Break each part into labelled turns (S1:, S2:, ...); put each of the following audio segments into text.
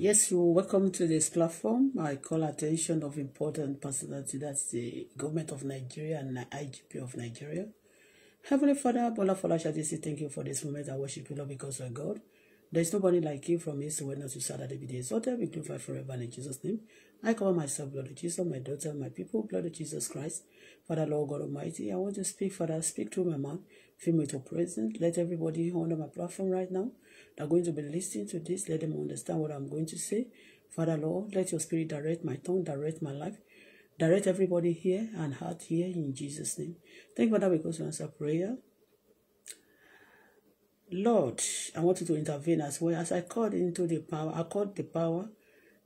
S1: Yes, you're welcome to this platform. I call attention of important personality, that's the government of Nigeria and the IGP of Nigeria. Heavenly Father, Bola Fola Shadisi, thank you for this moment. I worship you, Lord, because of God. There is nobody like him from east to west, north to south, that every day exalted, be glorified forever in Jesus' name. I call myself, blood of Jesus, my daughter, my people, blood of Jesus Christ. Father, Lord God Almighty, I want to speak, Father, speak through my mouth. Feel me to present. Let everybody on my platform right now that are going to be listening to this, let them understand what I'm going to say. Father, Lord, let your spirit direct my tongue, direct my life. Direct everybody here and heart here in Jesus' name. Thank you, Father, because you answer prayer. Lord, I want you to intervene as well as I called into the power. I called the power,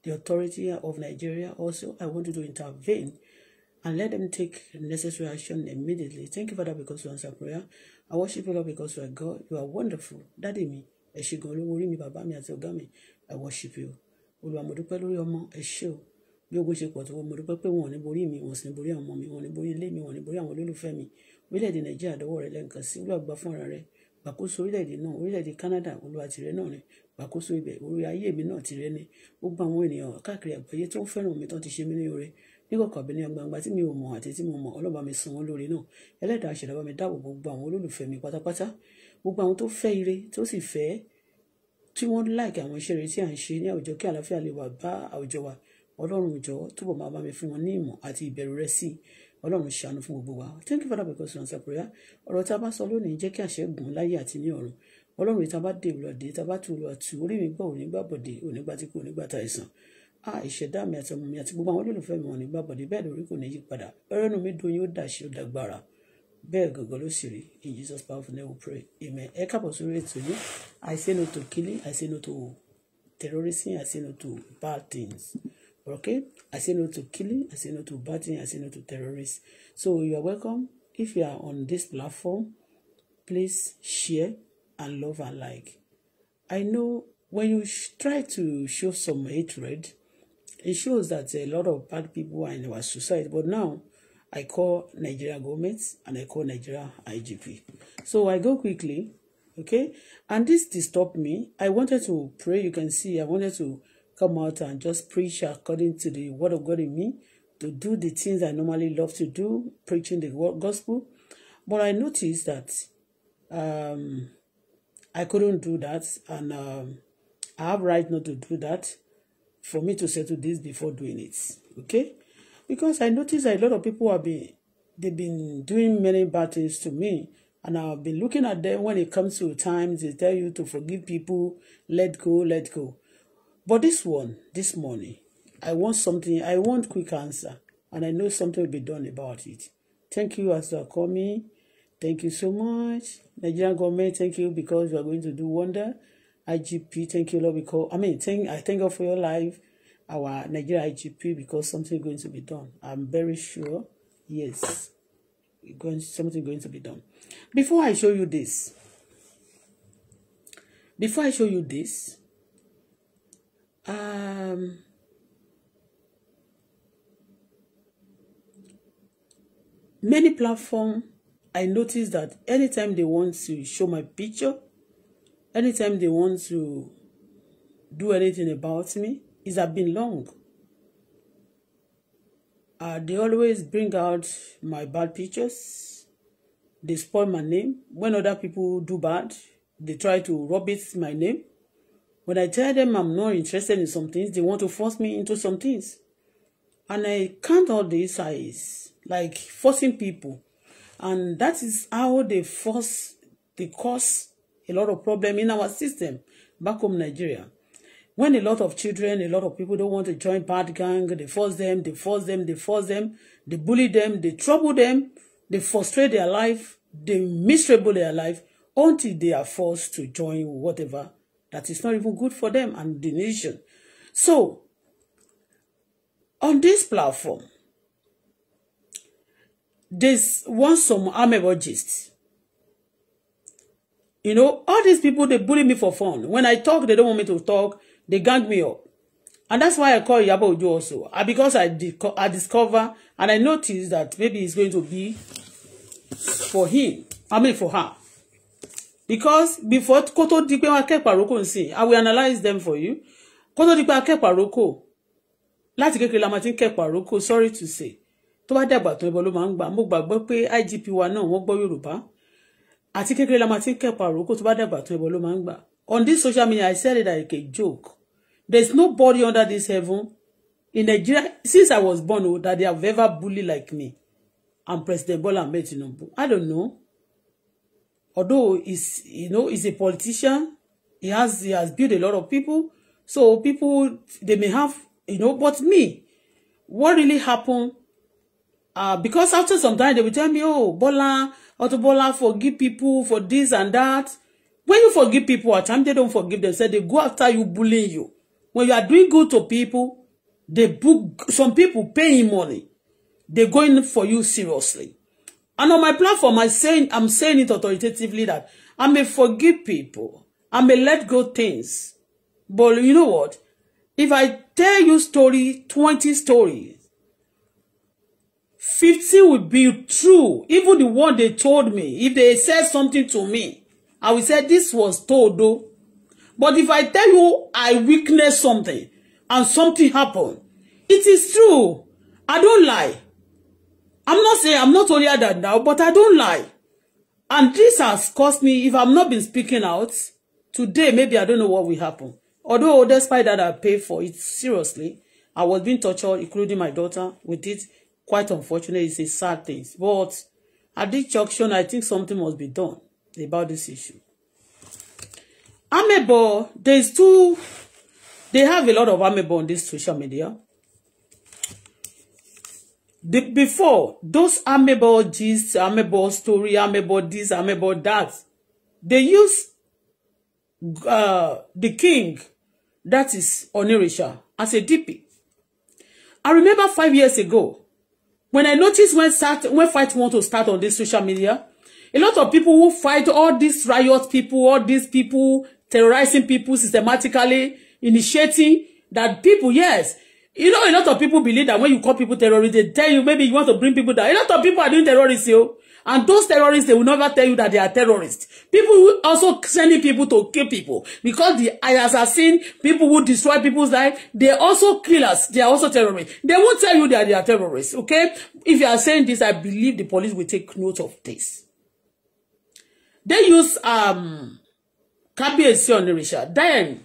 S1: the authority of Nigeria. Also, I want you to intervene and let them take necessary action immediately. Thank you, Father, because you answer prayer. I worship you, Lord, because you are God. You are wonderful. Daddy Me, ẹ ṣé gan olówó orí mi, bàbá mi àti ọ̀gá mi. I worship you. Olúwa mo dúpẹ́ lórí ọmọ ẹ ṣé o. Bí ogun ṣe pọ̀ tó mo dúpẹ́ pé wọn ò ní borí mi, wọn sì ní borí àwọn ọmọ mi, wọn ò ní borí ilé mi, wọn ò ní borí àwọn olólùfẹ́ mi. Orílẹ̀-èdè Nàìjíríà dọwọ́ rẹ lẹ́ǹkan sí. Olúwa fún ara rẹ̀ gbàkóso orílẹ̀-èdè náà orílẹ̀-èdè Canada olúwa tìrẹ náà ni gbàkóso ibẹ̀ orí ayé mi náà tìrẹ ni gbogbo àwọn ènìyàn káàkiri àgbáyé tó ń fẹ́ràn mi tó ti ṣe mí ní oore níkọ̀kọ̀ àbí ní gbangba tí mi ò mọ̀ àti tí mo mọ̀ ọlọ́ba mi san wọn lórí náà ẹlẹ́dàá ṣẹ̀dá bá mi dáàbò gbogbo àwọn olólùfẹ́ mi pátápátá gbogbo àwọn tó fẹ́ ire tó sì fẹ́ tí wọ́n láìkí àwọn iṣẹ́ rere tí à ń ṣe ní àwùjọ kí àlàáfíà lè wà bá àwùjọ wa ọlọ́run ìjọ túbọ̀ máa bá mi fún wọn ní ìmọ̀ àti ìbẹ̀rù rẹ sí i ọlọ́run ṣàánú fún gbogbo wa thank you father because you answer prayer ọ̀rọ̀ tá a bá sọ lónìí jẹ́ kí àṣẹ gùn láyé àti ní ọ̀run ọlọ́run ìta bá dé ìrọ̀dé ìta bá tu ìrọ̀tù orí mi gbọ́ òní gbàbọ̀dé òní gbà tí kò ní gbà ta ìsàn a ìṣẹ̀dá mi àti ọmọ mi àti gbogbo àwọn olólùfẹ́ mi wọn ní gbàbọ̀dé bẹ́ẹ̀ lórí kò ní yí padà ẹrẹ́nu mi dun yóò dàṣe ó dàgbára bẹ́ẹ̀ gọ̀gọ̀ ló sì rí in Jesus powerful name we pray amen ẹ káàbọ̀ sórí ètò yìí I say no to killing I say no to terrorism I say no to bad things. Okay? I say no to killing, I say no to batting, I say no to terrorists. So you are welcome. If you are on this platform, please share and love and like. I know when you try to show some hatred, it shows that a lot of bad people are in our society. But now, I call Nigeria government and I call Nigeria IGP. So I go quickly, okay? And this disturbed me. I wanted to pray. You can see I wanted to come out and just preach according to the word of God in me, to do the things I normally love to do, preaching the gospel. But I noticed that um, I couldn't do that, and um, I have right not to do that for me to settle this before doing it. Okay? Because I noticed that a lot of people have been they've been doing many bad things to me. And I've been looking at them when it comes to times they tell you to forgive people, let go, let go. But this one, this morning, I want something, I want quick answer, and I know something will be done about it. Thank you as you are coming. Thank you so much. Nigerian government, thank you because you are going to do wonder. IGP, thank you, Lord, because I mean, thank I thank God for your life, our Nigeria IGP, because something is going to be done. I'm very sure. Yes, going something going to be done. Before I show you this, before I show you this, Um, many platform I notice that anytime they want to show my picture, anytime they want to do anything about me, it has been long. Uh, they always bring out my bad pictures. They spoil my name. When other people do bad, they try to rub it my name. When I tell them I'm not interested in some things, they want to force me into some things. And I can't all this as like forcing people. And that is how they force, they cause a lot of problem in our system back home Nigeria. When a lot of children, a lot of people don't want to join bad gang, they force them, they force them, they force them, they bully them, they trouble them, they frustrate their life, they miserable their life until they are forced to join whatever that is not even good for them and the nation. So, on this platform, this once some amebologists. You know, all these people, they bully me for fun. When I talk, they don't want me to talk. They gang me up. And that's why I call Iyabo Ojo also. Ah, because I, I discover and I notice that maybe it's going to be for him. I mean, for her because before kó tó di pé wọn akẹ́pàá roko ń sìn i will analyse them for you kó tó di pé akẹ́pàá roko láti kékeré la máa ti ń kẹ́pàá roko sorry to say tó bá dàgbà tó ẹbọ ló máa ń gbà mo gbàgbọ́ pé IGP wa náà wọ́n gbọ́ Yorùbá àti kékeré la máa ti ń kẹ́pàá roko tó bá dàgbà tó ẹbọ ló máa ń gbà on this social media i said it like a joke there is nobody under this heaven in Nigeria since i was born o oh, that they have ever bullied like me and President Bola Ahmed Tinubu i don't know although he's you know he's a politician he has he has built a lot of people so people they may have you know but me what really happened uh because after some time they will tell me oh Bola Auto Bola forgive people for this and that when you forgive people at time, they don't forgive themselves they go after you bullying you when you are doing good to people they book some people paying money they're going for you seriously And on my platform, I'm saying, I'm saying it authoritatively that I may forgive people. I may let go things. But you know what? If I tell you story, 20 stories, 50 would be true. Even the one they told me, if they said something to me, I will say this was told though. But if I tell you I witnessed something and something happened, it is true. I don't lie. I'm not saying I'm not only that now, but I don't lie. And this has caused me, if I'm not been speaking out, today maybe I don't know what will happen. Although despite that I paid for it seriously, I was being tortured, including my daughter, with it. Quite unfortunate, it's a sad thing. But at this junction, I think something must be done about this issue. Amebo, there's two, they have a lot of Amebo on this social media the, before those amebo gist amebo story amebo this amebo that they use uh, the king that is Onirisha as a DP I remember five years ago when I noticed when start when fight want to start on this social media a lot of people who fight all these riot people all these people terrorizing people systematically initiating that people yes You know, a lot of people believe that when you call people terrorists, they tell you maybe you want to bring people down. A lot of people are doing terrorists, yo. And those terrorists, they will never tell you that they are terrorists. People will also sending people to kill people because the assassins, people who destroy people's life, they also killers. They are also terrorists. They won't tell you that they are terrorists. Okay? If you are saying this, I believe the police will take note of this. They use um Kabiyesi Onirisha. Then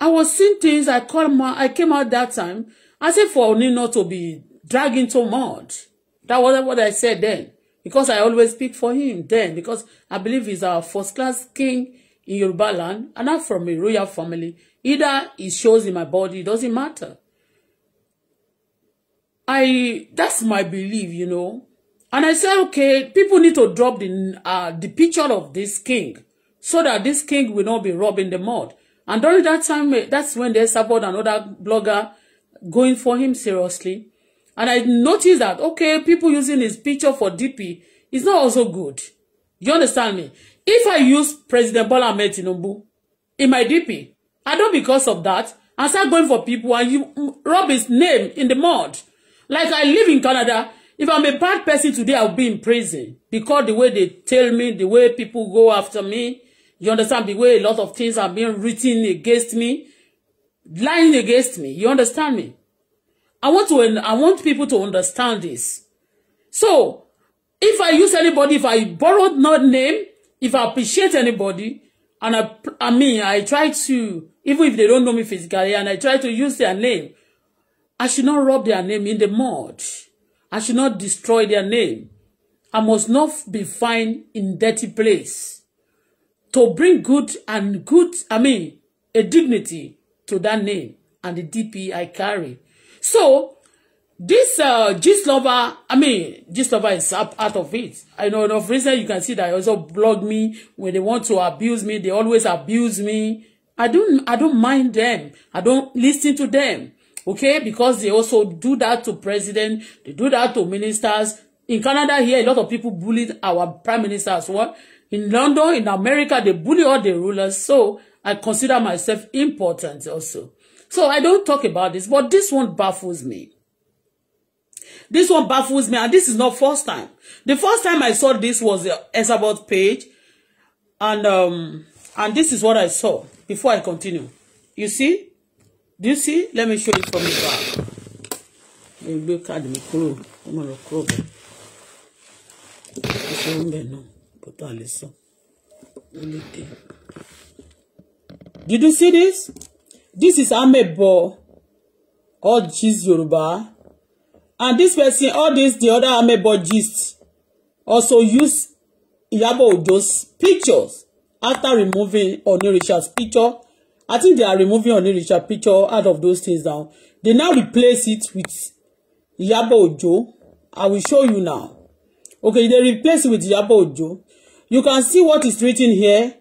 S1: I was seeing things. I called my, I came out that time. I said for Nino to be dragged into mud. That was what I said then. Because I always speak for him then. Because I believe he's our first class king in Yoruba land. And not from a royal family. Either he shows in my body, it doesn't matter. I, that's my belief, you know. And I said, okay, people need to drop the, uh, the picture of this king so that this king will not be rubbing the mud. And during that time, eh, that's when there's support another blogger going for him seriously. And I noticed that, okay, people using his picture for DP is not also good. You understand me? If I use President Bola Ahmed Tinubu in my DP, I don't because of that, I start going for people and you mm, rub his name in the mud. Like I live in Canada, if I'm a bad person today, I'll be in prison because the way they tell me, the way people go after me, You understand the way a lot of things are being written against me, lying against me. You understand me? I want to I want people to understand this. So, if I use anybody, if I borrowed not name, if I appreciate anybody, and I, I mean, I try to, even if they don't know me physically, and I try to use their name, I should not rub their name in the mud. I should not destroy their name. I must not be found in dirty place to bring good and good, I mean, a dignity to that name and the DP I carry. So, this uh, gist lover, I mean, gist lover is up out of it. I know enough reason you can see that I also blog me when they want to abuse me. They always abuse me. I don't, I don't mind them. I don't listen to them. Okay, because they also do that to president. They do that to ministers. In Canada here, a lot of people bullied our prime minister as well. In London, in America, they bully all the rulers. So I consider myself important also. So I don't talk about this, but this one baffles me. This one baffles me, and this is not first time. The first time I saw this was the uh, Elizabeth page, and um, and this is what I saw before I continue. You see? Do you see? Let me show it from the back. Ẹ gbé káàdì mi kúrò, ọmọ rẹ̀ kúrò bẹ́ẹ̀. Ẹ ṣeun but I'll listen. Only thing. Did you see this? This is Amebo or Gist Yoruba. And this person, all this, the other Amebo Gist, also use Iyabo Ojo's pictures after removing Oniricha's picture. I think they are removing Oniricha's picture out of those things now. They now replace it with Iyabo Ojo. I will show you now. Okay, they replace it with Iyabo Ojo you can see what is written here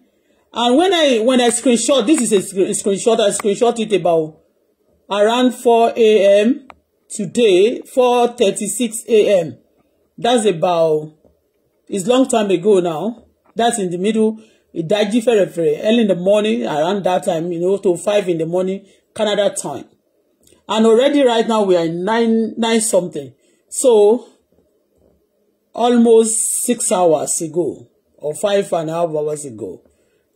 S1: and when I when I screenshot this is a screenshot I screenshot it about around 4 a.m. today 4:36 a.m. that's about it's long time ago now that's in the middle ìdájí fẹ̀rẹ̀fẹ̀rẹ̀ early in the morning around that time you know to five in the morning Canada time and already right now we are nine nine something so almost six hours ago or five and a half hours ago.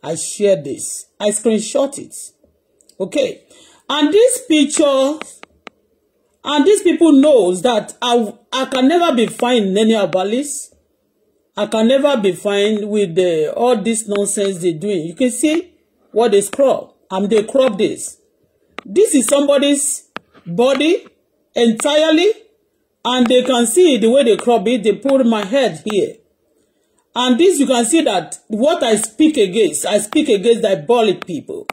S1: I shared this. I screenshot it. Okay. And this picture, and these people knows that I, I can never be fine in any abalis. I can never be fine with the, all this nonsense they're doing. You can see what they scrub. I'm they crop this. This is somebody's body entirely. And they can see the way they crop it. They put my head here. And this, you can see that what I speak against, I speak against diabolic people.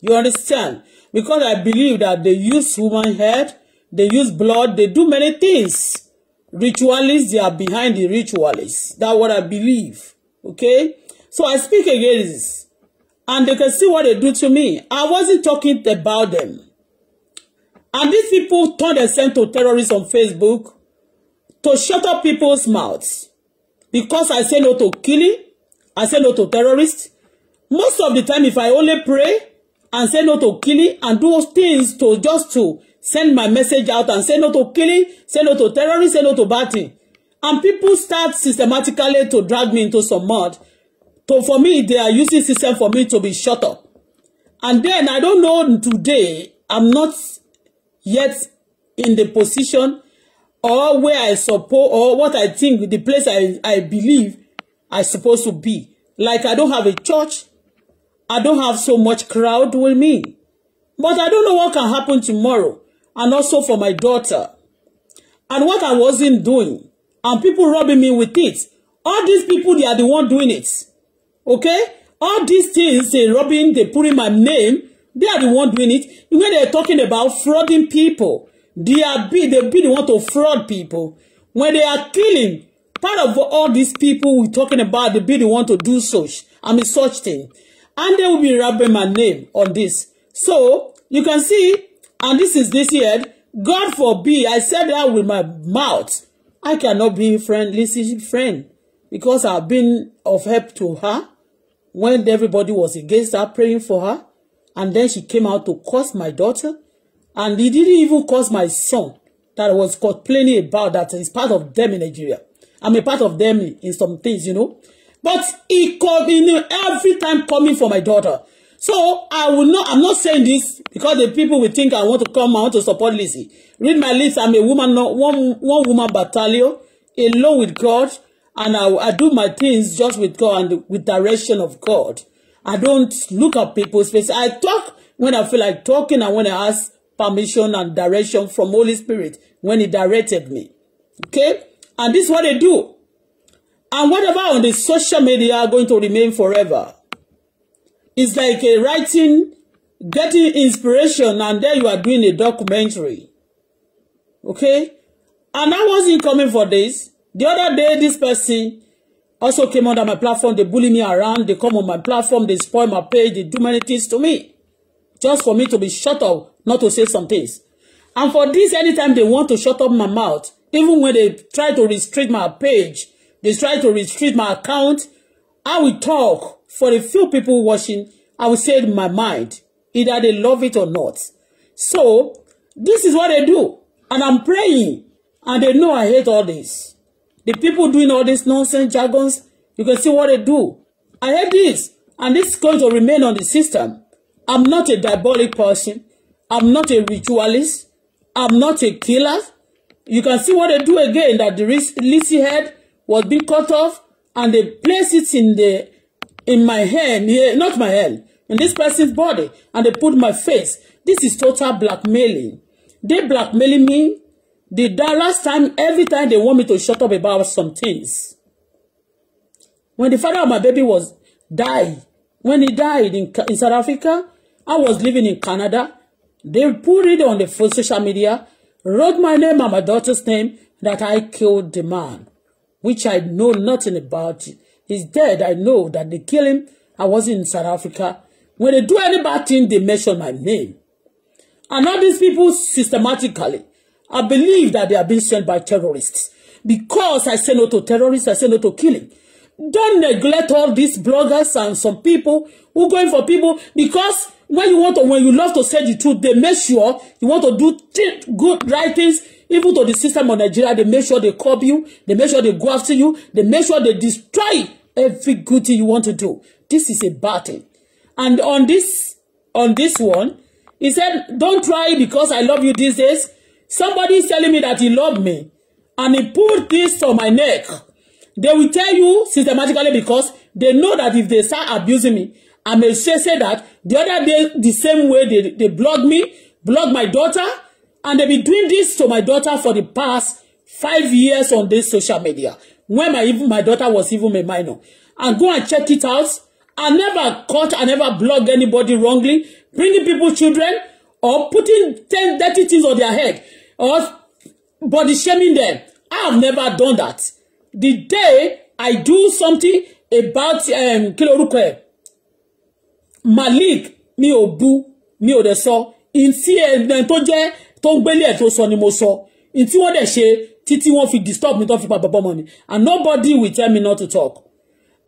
S1: You understand? Because I believe that they use human head, they use blood, they do many things. Ritualists, they are behind the ritualists. That what I believe. Okay? So I speak against this. And they can see what they do to me. I wasn't talking about them. And these people turn their themselves to terrorists on Facebook to shut up people's mouths because I say no to killing, I say no to terrorists. Most of the time, if I only pray and say no to killing and do things to just to send my message out and say no to killing, say no to terrorists, say no to batting. And people start systematically to drag me into some mud. So for me, they are using system for me to be shut up. And then I don't know today, I'm not yet in the position or where I suppose or what I think the place I, I believe I supposed to be. Like I don't have a church. I don't have so much crowd with me. But I don't know what can happen tomorrow. And also for my daughter. And what I wasn't doing. And people rubbing me with it. All these people, they are the one doing it. Okay? All these things, they rubbing, they putting my name. They are the one doing it. When they're talking about frauding people. They are be they be the one to fraud people. When they are killing, part of all these people we're talking about, they be the one to do such. I mean such thing. And they will be rubbing my name on this. So you can see, and this is this year. God forbid, I said that with my mouth. I cannot be friend, listen friend, because I've been of help to her when everybody was against her, praying for her. And then she came out to curse my daughter. And he didn't even cause my son that was complaining about that He's part of them in Nigeria. I'm a part of them in some things, you know. But he called me every time coming for my daughter. So I will not, I'm not saying this because the people will think I want to come, I want to support Lizzie. Read my lips, I'm a woman, not one, one woman battalion, alone with God, and I, I do my things just with God and with direction of God. I don't look at people's face. I talk when I feel like talking and when I ask permission and direction from Holy Spirit when he directed me. Okay? And this is what they do. And whatever on the social media are going to remain forever. It's like a writing, getting inspiration, and then you are doing a documentary. Okay? And I wasn't coming for this. The other day, this person also came under my platform. They bully me around. They come on my platform. They spoil my page. They do many things to me. Just for me to be shut up not to say some things. And for this, anytime they want to shut up my mouth, even when they try to restrict my page, they try to restrict my account, I will talk for the few people watching. I will say in my mind, either they love it or not. So, this is what they do. And I'm praying. And they know I hate all this. The people doing all this nonsense jargons, you can see what they do. I hate this. And this is going to remain on the system. I'm not a diabolic person. I'm not a ritualist. I'm not a killer. You can see what they do again that the lissy head was being cut off and they place it in the in my hand, Yeah, not my hand, in this person's body, and they put my face. This is total blackmailing. They blackmailing me. The last time, every time they want me to shut up about some things. When the father of my baby was died, when he died in, in South Africa, I was living in Canada. They put it on the full social media, wrote my name and my daughter's name that I killed the man, which I know nothing about. He's dead. I know that they kill him. I was in South Africa. When they do any bad thing, they mention my name. And all these people systematically, I believe that they are being sent by terrorists. Because I say no to terrorists, I say no to killing. Don't neglect all these bloggers and some people who going for people because when you want to when you love to say the truth they make sure you want to do good right things even to the system of Nigeria they make sure they curb you they make sure they go after you they make sure they destroy every good thing you want to do this is a bad thing and on this on this one he said don't try because I love you these days somebody is telling me that he loved me and he put this on my neck they will tell you systematically because they know that if they start abusing me I may say, say that. The other day, the same way they, they blog me, blog my daughter, and they be doing this to my daughter for the past five years on this social media. When my, even my daughter was even a minor. And go and check it out. I never caught, I never blocked anybody wrongly, bringing people children, or putting 10 dirty things on their head, or body shaming them. I have never done that. The day I do something about um, kí Malik mi ò bu mi ò dẹ̀ sọ ntí ẹni tó jẹ́ tó ń gbélé ẹ̀ tó sọ ni mo sọ ntí wọ́n dẹ̀ ṣe títí wọ́n fi disturb mi tó fi pa bàbá ọmọ mi and nobody will tell me not to talk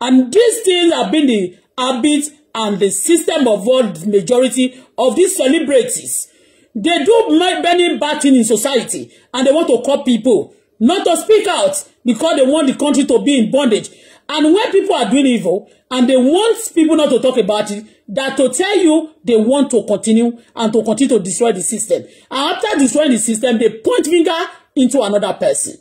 S1: and these things have been the habit and the system of all the majority of these celebrities they do many bad things in society and they want to call people not to speak out because they want the country to be in bondage And when people are doing evil and they want people not to talk about it, that to tell you they want to continue and to continue to destroy the system. And after destroying the system, they point finger into another person.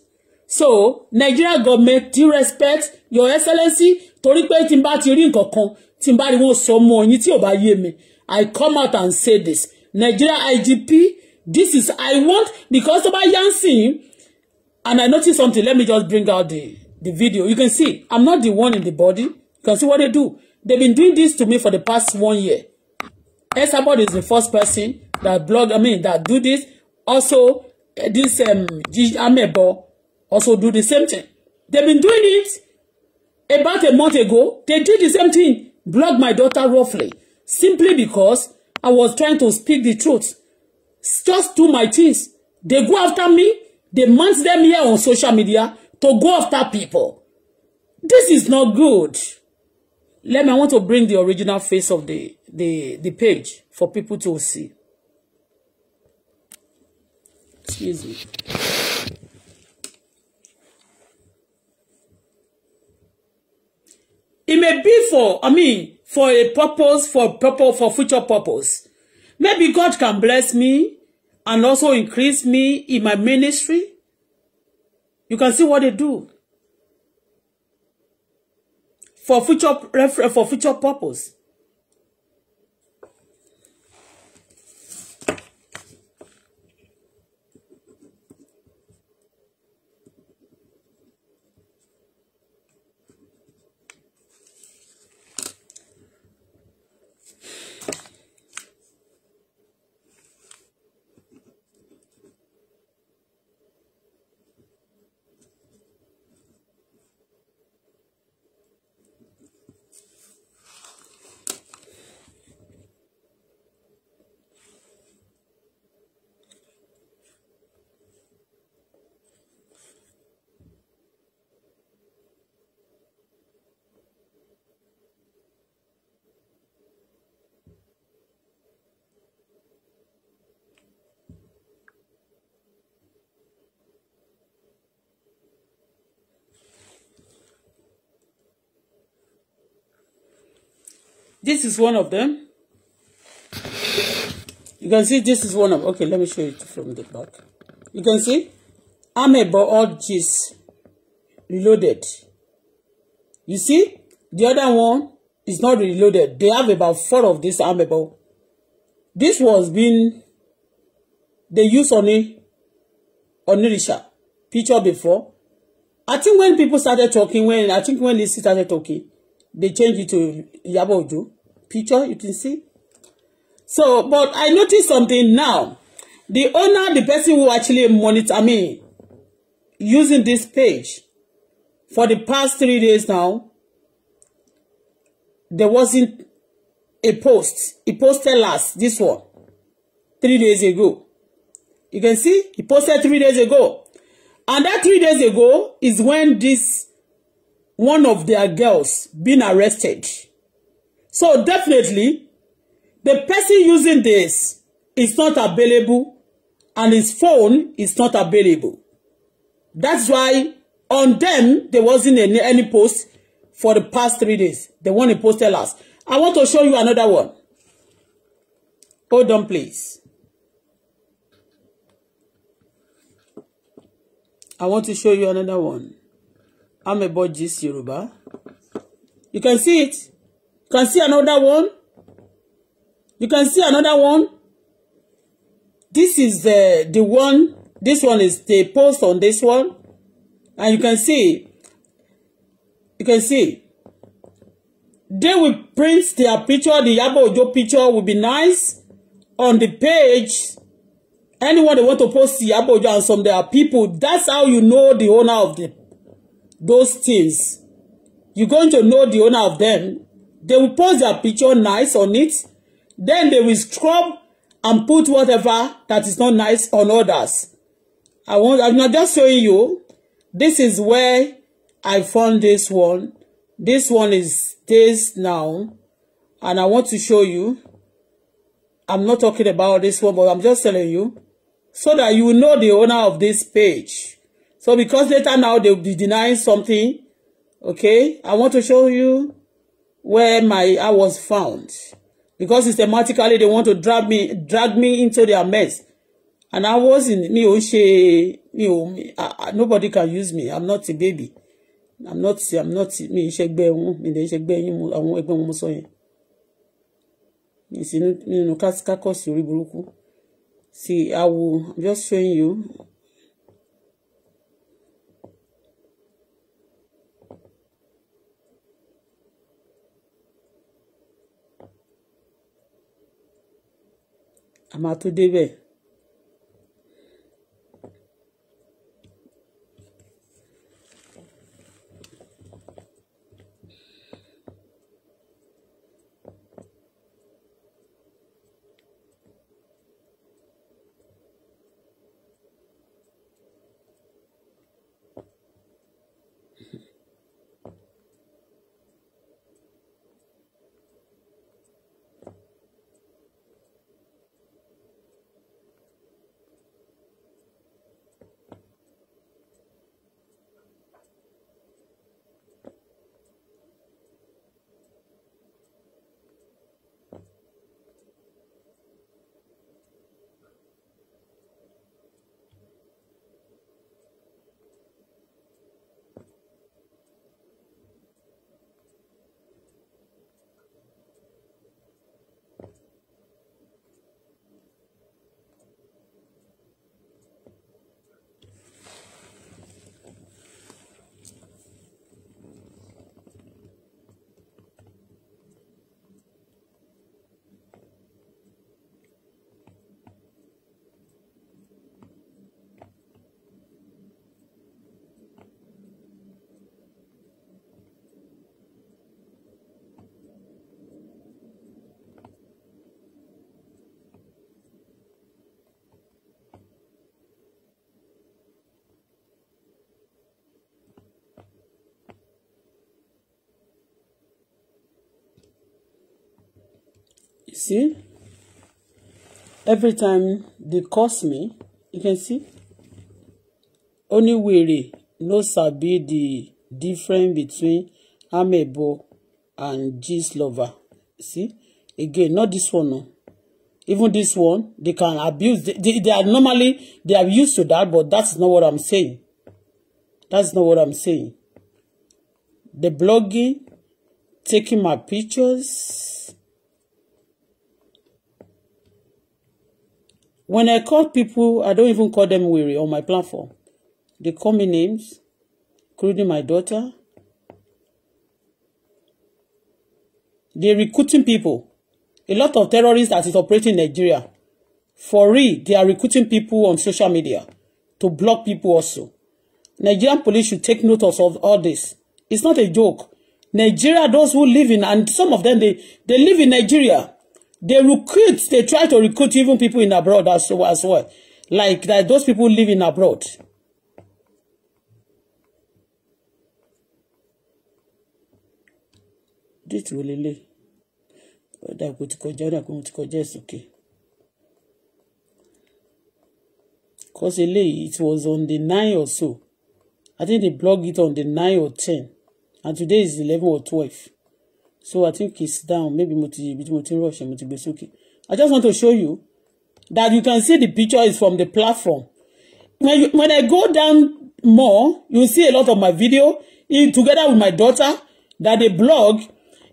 S1: So, Nigeria government, do respect, your excellency, torí pé tí n bá ti rí nǹkan kan, tí n bá rí wọn sọ mọ́ yín tí ò bá yé mi. I come out and say this. Nigeria IGP, this is I want because tó bá yá ń and I notice something. Let me just bring out the the video. You can see, I'm not the one in the body. You can see what they do. They've been doing this to me for the past one year. Esabod is the first person that blog, I mean, that do this. Also, eh, this um, Amebo also do the same thing. They've been doing it about a month ago. They did the same thing, blog my daughter roughly, simply because I was trying to speak the truth. Just do my things. They go after me. They mount them here on social media to go after people. This is not good. Let me, I want to bring the original face of the, the, the page for people to see. Excuse me. It may be for, I mean, for a purpose, for purpose, for future purpose. Maybe God can bless me and also increase me in my ministry You can see what they do for future for future purpose. This is one of them. You can see this is one of, okay, let me show it from the back. You can see, amebo all this reloaded. You see, the other one is not reloaded. They have about four of this amebo. This was been, they use on it, on Onisha picture before. I think when people started talking, when I think when they started talking, they changed it to Iyabo Ojo picture you can see so but I noticed something now the owner the person who actually monitor me, using this page for the past three days now there wasn't a post he posted last this one three days ago you can see he posted three days ago and that three days ago is when this one of their girls been arrested So definitely, the person using this is not available and his phone is not available. That's why on them, there wasn't any, any post for the past three days. The one he posted last. I want to show you another one. Hold on, please. I want to show you another one. I'm about this Yoruba. You can see it can see another one. You can see another one. This is the uh, the one. This one is the post on this one. And you can see. You can see. They will print their picture. The Iyabo Ojo picture will be nice on the page. Anyone they want to post Iyabo Ojo and some their people. That's how you know the owner of the those things. You're going to know the owner of them They will post their picture nice on it. Then they will scrub and put whatever that is not nice on others. I want, I'm not just showing you. This is where I found this one. This one is this now. And I want to show you. I'm not talking about this one, but I'm just telling you. So that you know the owner of this page. So because later now they'll be denying something. Okay. I want to show you where my I was found because systematically they want to drag me drag me into their mess and I was in me ò ń ṣe mi ò nobody can use me I'm not a baby I'm not I'm not mi ń ṣẹgbẹ́ wọn mi ń ṣẹgbẹ́ yín àwọn ẹgbẹ́ wọn mo sọ yẹn mi sì nínú kákọ́sì orí burúkú see I will just showing you a máa tó débẹ̀ You see? Every time they curse me, you can see? Only weary. no sabi the difference between amebo and gist lover. See? Again, not this one, no. Even this one, they can abuse. They, they, they are normally, they are used to that, but that's not what I'm saying. That's not what I'm saying. The blogging, taking my pictures, When I call people, I don't even call them weary on my platform. They call me names, including my daughter. They're recruiting people. A lot of terrorists that is operating in Nigeria. For real, they are recruiting people on social media to block people also. Nigerian police should take note of all this. It's not a joke. Nigeria, those who live in, and some of them, they, they live in Nigeria they recruit they try to recruit even people in abroad as, as well like that those people living abroad déètì wo lélẹ̀ ọ̀dà kò ti kọjá ọ̀dà kò ti kọjá ìsòkè cause it was on the nine or so I think they blogged it on the nine or ten and today is eleven or twelve so i think it's down maybe mo ti ibi tí mo ti rush mo ti gbé sókè i just want to show you that you can see the picture is from the platform when, you, when i go down more you see a lot of my video in together with my daughter that they blog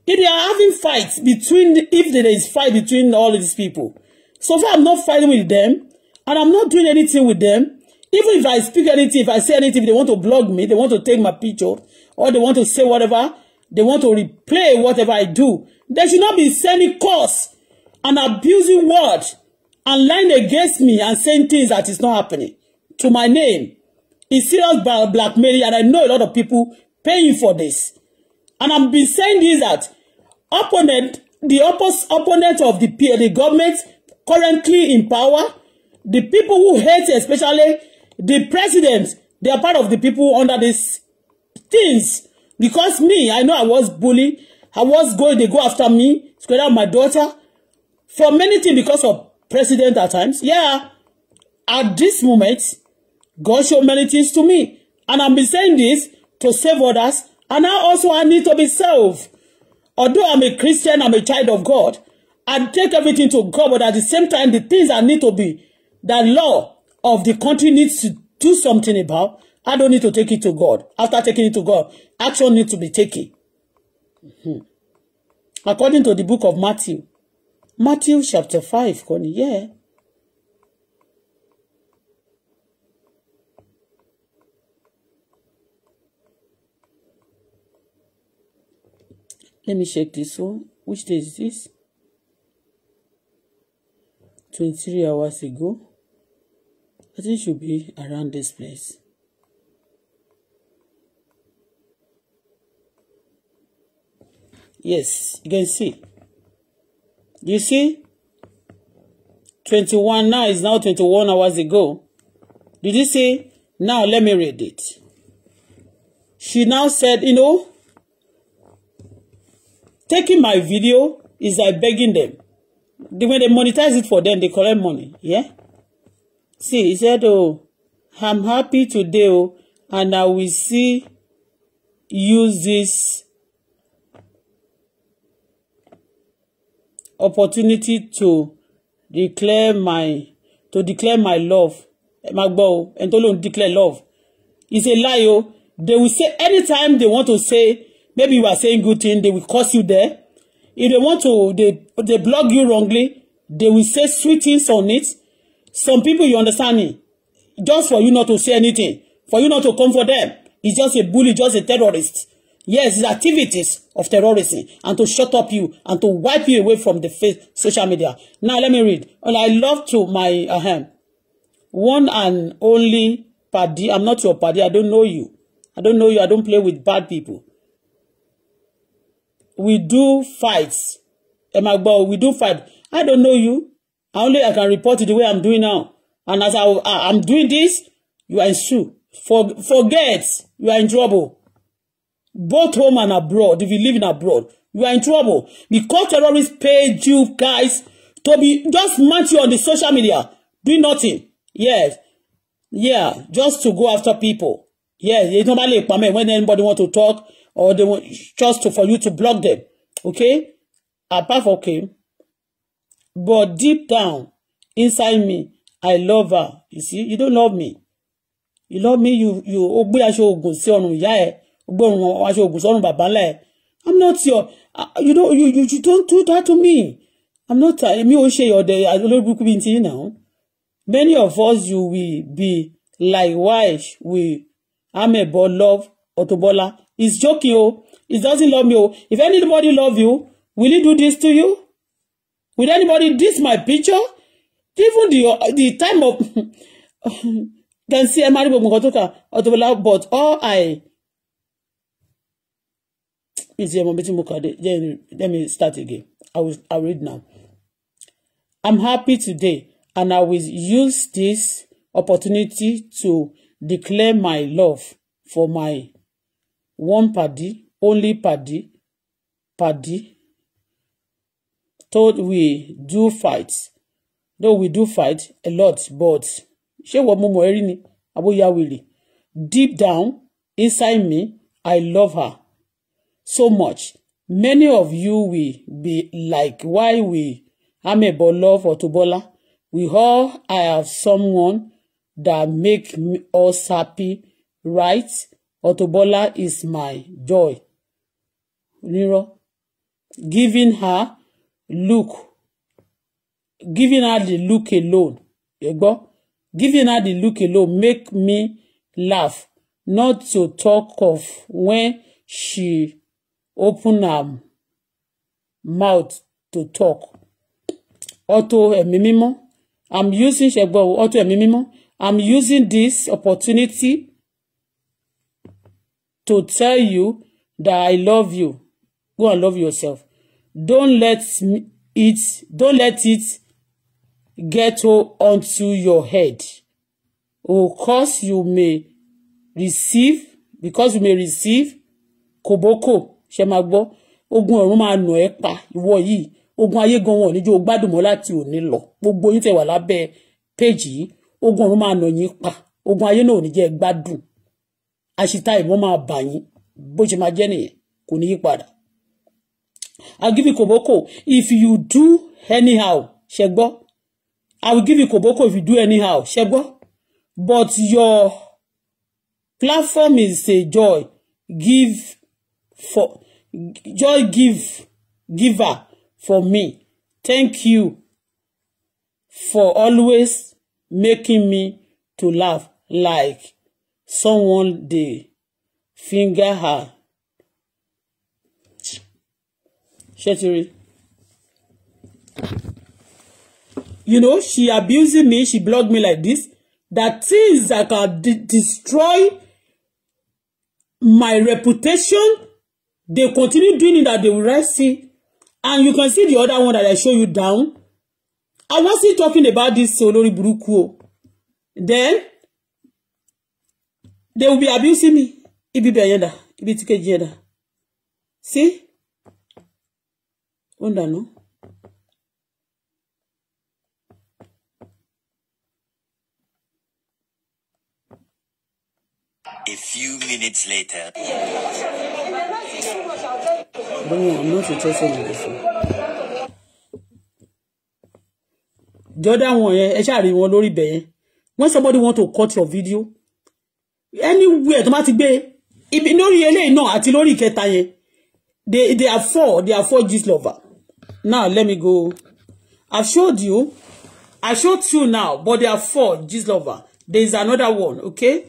S1: if they are having fights between if there is fight between all these people so far i'm not fighting with them and i'm not doing anything with them even if i speak anything if i say anything if they want to blog me they want to take my picture or they want to say whatever They want to replay whatever I do. They should not be sending calls and abusing words and lying against me and saying things that is not happening to my name. It's serious blackmailing, and I know a lot of people paying for this. And I've been saying this that opponent, the oppos opponent of the, the government currently in power, the people who hate, especially the president, they are part of the people under these things because me i know i was bullied i was going they go after me together with my daughter for many things because of president at times yeah at this moment god show many things to me and i'm been saying this to save others and now also i need to be saved although i'm a christian i'm a child of god i take everything to god but at the same time the things i need to be the law of the country needs to do something about I don't need to take it to God. After taking it to God, action need to be taken. Mm-hmm. According to the book of Matthew, Matthew chapter 5, Connie, yeah. Let me check this one. Which day is this? 23 hours ago. I think it should be around this place. Yes, you can see. You see? twenty-one now is now twenty-one hours ago. Did you see? Now let me read it. She now said, you know, taking my video is like begging them. When they monetize it for them, they collect money. Yeah? See, he said, oh, I'm happy today, oh, and I will see use this opportunity to declare my to declare my love ẹ máa o ẹni tó lóun declare love it's a lie o they will say anytime they want to say maybe you are saying good thing they will curse you there if they want to they they block you wrongly they will say sweet things on it some people you understand me just for you not to say anything for you not to come for them it's just a bully just a terrorist Yes, it's activities of terrorism and to shut up you and to wipe you away from the face, social media. Now, let me read. And I love to my uh, one and only party. I'm not your party. I don't know you. I don't know you. I don't play with bad people. We do fights. Emagbo, we do fight. I don't know you. I only I can report it the way I'm doing now. And as I, I'm doing this, you are in sue. For, forget, you are in trouble both home and abroad, if you live in abroad, you are in trouble. Because terrorists paid you guys to be just match you on the social media, do nothing. Yes. Yeah, just to go after people. Yes, they normally permit when anybody want to talk or they want just to, for you to block them. Okay? Apart from okay. But deep down, inside me, I love her. You see, you don't love me. You love me, you you ó gbé aṣọ oògùn sí ọrùn ìyá gbóhùn aṣọ ògùn sọ́run bàbá ńlá ẹ̀ i'm not your uh, you don't you, you you don't do that to me i'm not uh, èmi ò ṣe ọ̀dẹ̀ olóògbé bíi ti nà many of us you will be like why we amebo love Auto Bola he's joking o oh. he doesn't love me o oh. if anybody love you will he do this to you will anybody diss my picture even the uh, the time of. can see ẹ máa rí gbogbo nǹkan tó kà Auto but all I ǹsí ẹ̀mọ́ bẹ́tí mukade. Then let me start again I will I read now I'm happy today and I will use this opportunity to declare my love for my one padi only padi padi though we do fight though we do fight a lot but ṣé wọ́n mú mọ̀ ẹ́ rí deep down inside me I love her so much many of you will be like why we amebo love Auto Bola we all have someone that make us happy right Auto Bola is my joy onírọ́ giving her look giving her the look alone ẹ gbọ́ giving her the look alone make me laugh not to talk of when she open am mouth to talk auto ẹ̀mí mímọ́ i'm using ṣẹ̀gbọ́n auto ẹ̀mí mímọ́ i'm using this opportunity to tell you that i love you go and love yourself don't let it don't let it get onto your head o oh, cause you may receive because you may receive koboko ṣe máa gbọ́ ogun ọ̀run máa nù ẹ́ pa ìwọ yìí ogun ayé gan wọn níjó gbádùn mọ́ láti òní lọ gbogbo yín tẹ̀ wà lábẹ́ péjì yìí ogun ọ̀run máa nà yín pa ogun ayé náà ò ní jẹ́ gbádùn àṣìta ìmọ̀ máa bà yín bó ṣe máa jẹ́ nìyẹn kò ní yí padà. I give you koboko if you do anyhow ṣe gbọ́ I will give you koboko if you do anyhow ṣe gbọ́ but your platform is a joy give for Joy give giver for me thank you for always making me to laugh like someone dey finger her. Shetiri. You know, she abusing me, she blocked me like this. That things that can de destroy my reputation They continue doing it that they will rest it. And you can see the other one that I show you down. I was still talking about this Olori Buruku o. Then, they will be abusing me. Ibi bẹ̀ yẹn dà, ibi tí kejì yẹn See? Ó No? A few minutes later. No, I'm not interested in this one. The other one, eh, ẹ ṣáà rí wọn lórí When somebody want to cut your video, anywhere tó bá be if no really no, náà àti lórí ìkẹta They they are four, they are four gist lover. Now let me go. I showed you. I showed two now, but they are four gist lover. There is another one, okay?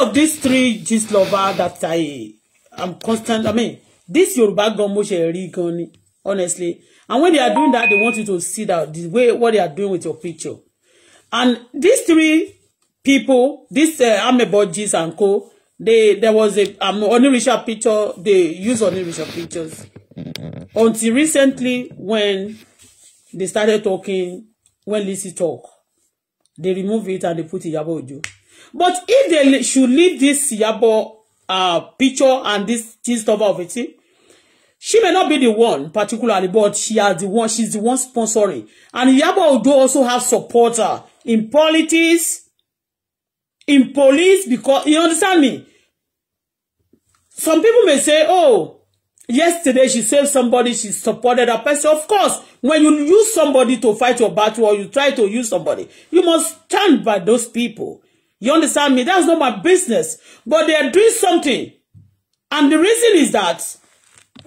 S1: of these three gist lovers that I am constant, I mean, this Yoruba gan mo ṣe rí gan honestly. And when they are doing that, they want you to see that the way what they are doing with your picture. And these three people, this uh, Amebo gist and co, they there was a um, Onirisha picture. They use Onirisha pictures until recently when they started talking when Lizzy talk, they remove it and they put it Iyabo Ojo. But if they should leave this Yabo uh, picture and this this over of it, she may not be the one particularly, but she has the one, she's the one sponsoring. And Yabo do also have supporter uh, in politics, in police, because, you understand me? Some people may say, oh, yesterday she saved somebody, she supported a person. Of course, when you use somebody to fight your battle or you try to use somebody, you must stand by those people. You understand me? That's not my business. But they are doing something. And the reason is that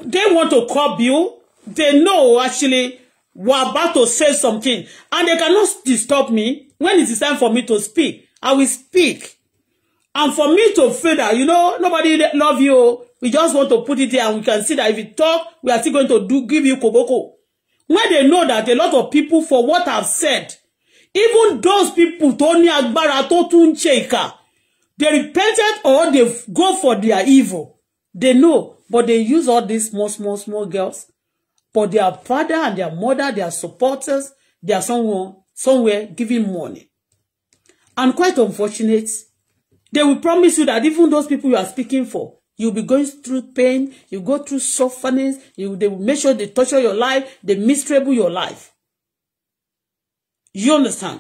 S1: they want to curb you. They know actually we're about to say something. And they cannot disturb me. When it is time for me to speak, I will speak. And for me to feel that, you know, nobody love you. We just want to put it there and we can see that if you talk, we are still going to do give you koboko. When they know that a lot of people, for what I've said, even those people tó ní agbára tó tún ṣe ìkà they repented or they go for their evil they know but they use all these small small small girls for their father and their mother their supporters they are someone somewhere giving money and quite unfortunate they will promise you that even those people you are speaking for You'll be going through pain. You go through sufferings. You, they will make sure they torture your life. They miserable your life. You understand?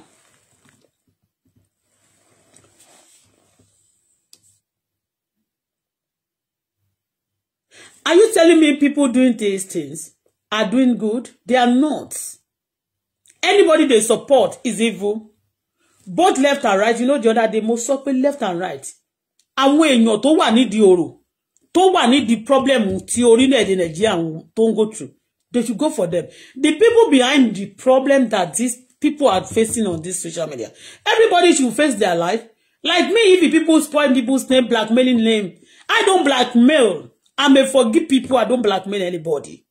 S1: Are you telling me people doing these things are doing good? They are not. Anybody they support is evil. Both left and right, you know the other day, mo sọ left and right. Àwọn èèyàn tó wà nídìí ọ̀rọ̀ tó wà nídìí problem tí orílẹ̀-èdè Nàìjíríà tó ń go through, they should go for them. The people behind the problem that this people are facing on this social media. Everybody should face their life. Like me, if people spoil people's name, blackmailing name, I don't blackmail. I may forgive people, I don't blackmail anybody.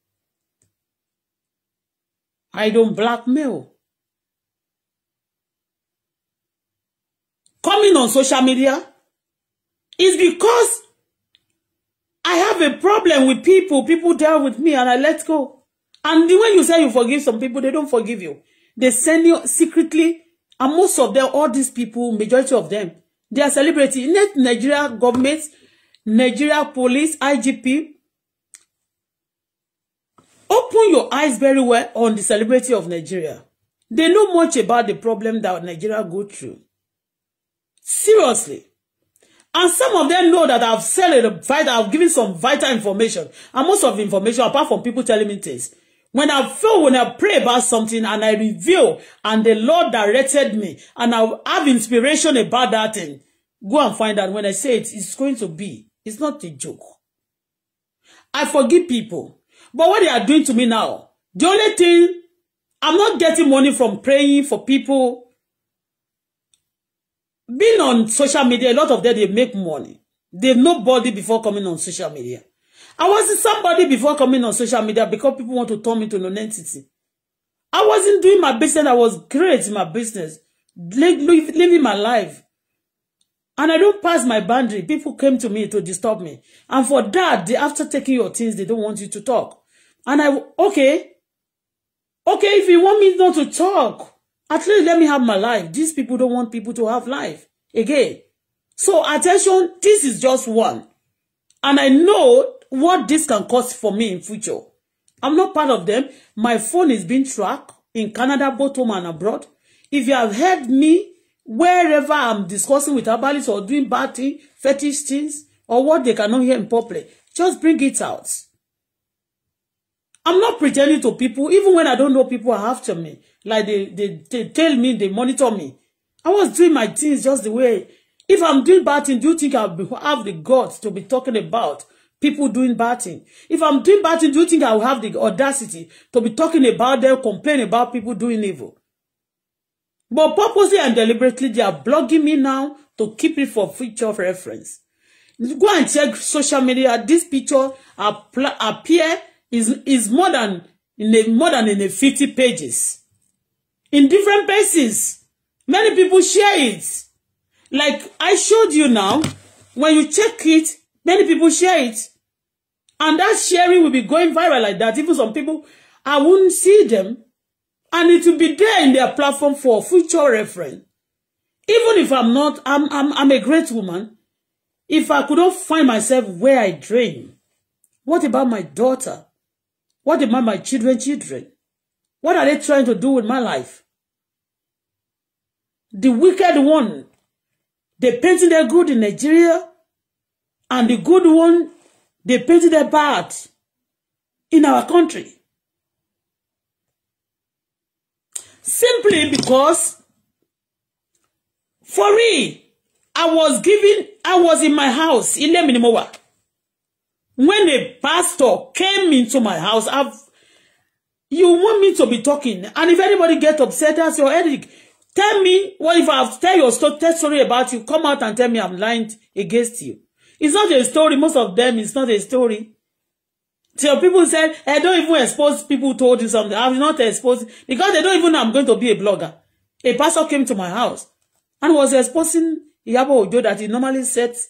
S1: I don't blackmail. Coming on social media is because I have a problem with people. People deal with me and I let go. And when you say you forgive some people, they don't forgive you. They send you secretly, and most of them, all these people, majority of them, they are celebrity. Net Nigeria government, Nigeria police, IGP. Open your eyes very well on the celebrity of Nigeria. They know much about the problem that Nigeria go through. Seriously. And some of them know that I've said it, I've given some vital information. And most of the information, apart from people telling me things, When I feel, when I pray about something and I reveal and the Lord directed me and I have inspiration about that thing, go and find out. When I say it, it's going to be. It's not a joke. I forgive people. But what they are doing to me now, the only thing, I'm not getting money from praying for people. Being on social media, a lot of them, they make money. They know nobody before coming on social media. I wasn't somebody before coming on social media because people want to turn me to non-entity. I wasn't doing my business. I was great in my business, living my life. And I don't pass my boundary. People came to me to disturb me. And for that, they, after taking your things, they don't want you to talk. And I, okay, okay, if you want me not to talk, at least let me have my life. These people don't want people to have life. Again. So attention, this is just one. And I know what this can cause for me in future. I'm not part of them. My phone is being tracked in Canada, both home and abroad. If you have heard me, wherever I'm discussing with herbalists or doing bad things, fetish things, or what they cannot hear in public, just bring it out. I'm not pretending to people, even when I don't know people are after me. Like they, they, they tell me, they monitor me. I was doing my things just the way. If I'm doing bad things, do you think I'll have the guts to be talking about people doing bad thing. If I'm doing bad thing, do you think I will have the audacity to be talking about them, complain about people doing evil? But purposely and deliberately, they are blogging me now to keep it for future reference. Go and check social media. This picture appear is is more than in a, more than in a 50 pages in different places. Many people share it. Like I showed you now, when you check it, many people share it. And that sharing will be going viral like that. Even some people, I wouldn't see them. And it will be there in their platform for future reference. Even if I'm not, I'm, I'm, I'm a great woman. If I could not find myself where I dream, what about my daughter? What about my children, children? What are they trying to do with my life? The wicked one, they painting their good in Nigeria, and the good one They painted a part in our country. Simply because, for me, I was given, I was in my house, in mi ni When a pastor came into my house, I've, you want me to be talking, and if anybody get upset, that's your headache. Tell me, what if I have to tell your story about you, come out and tell me I'm lying against you. It's not a story. Most of them, it's not a story. So people said, I eh, don't even expose people told you something. I'm not exposing because they don't even know I'm going to be a blogger. A pastor came to my house and was exposing Yabo Ojo that he normally sets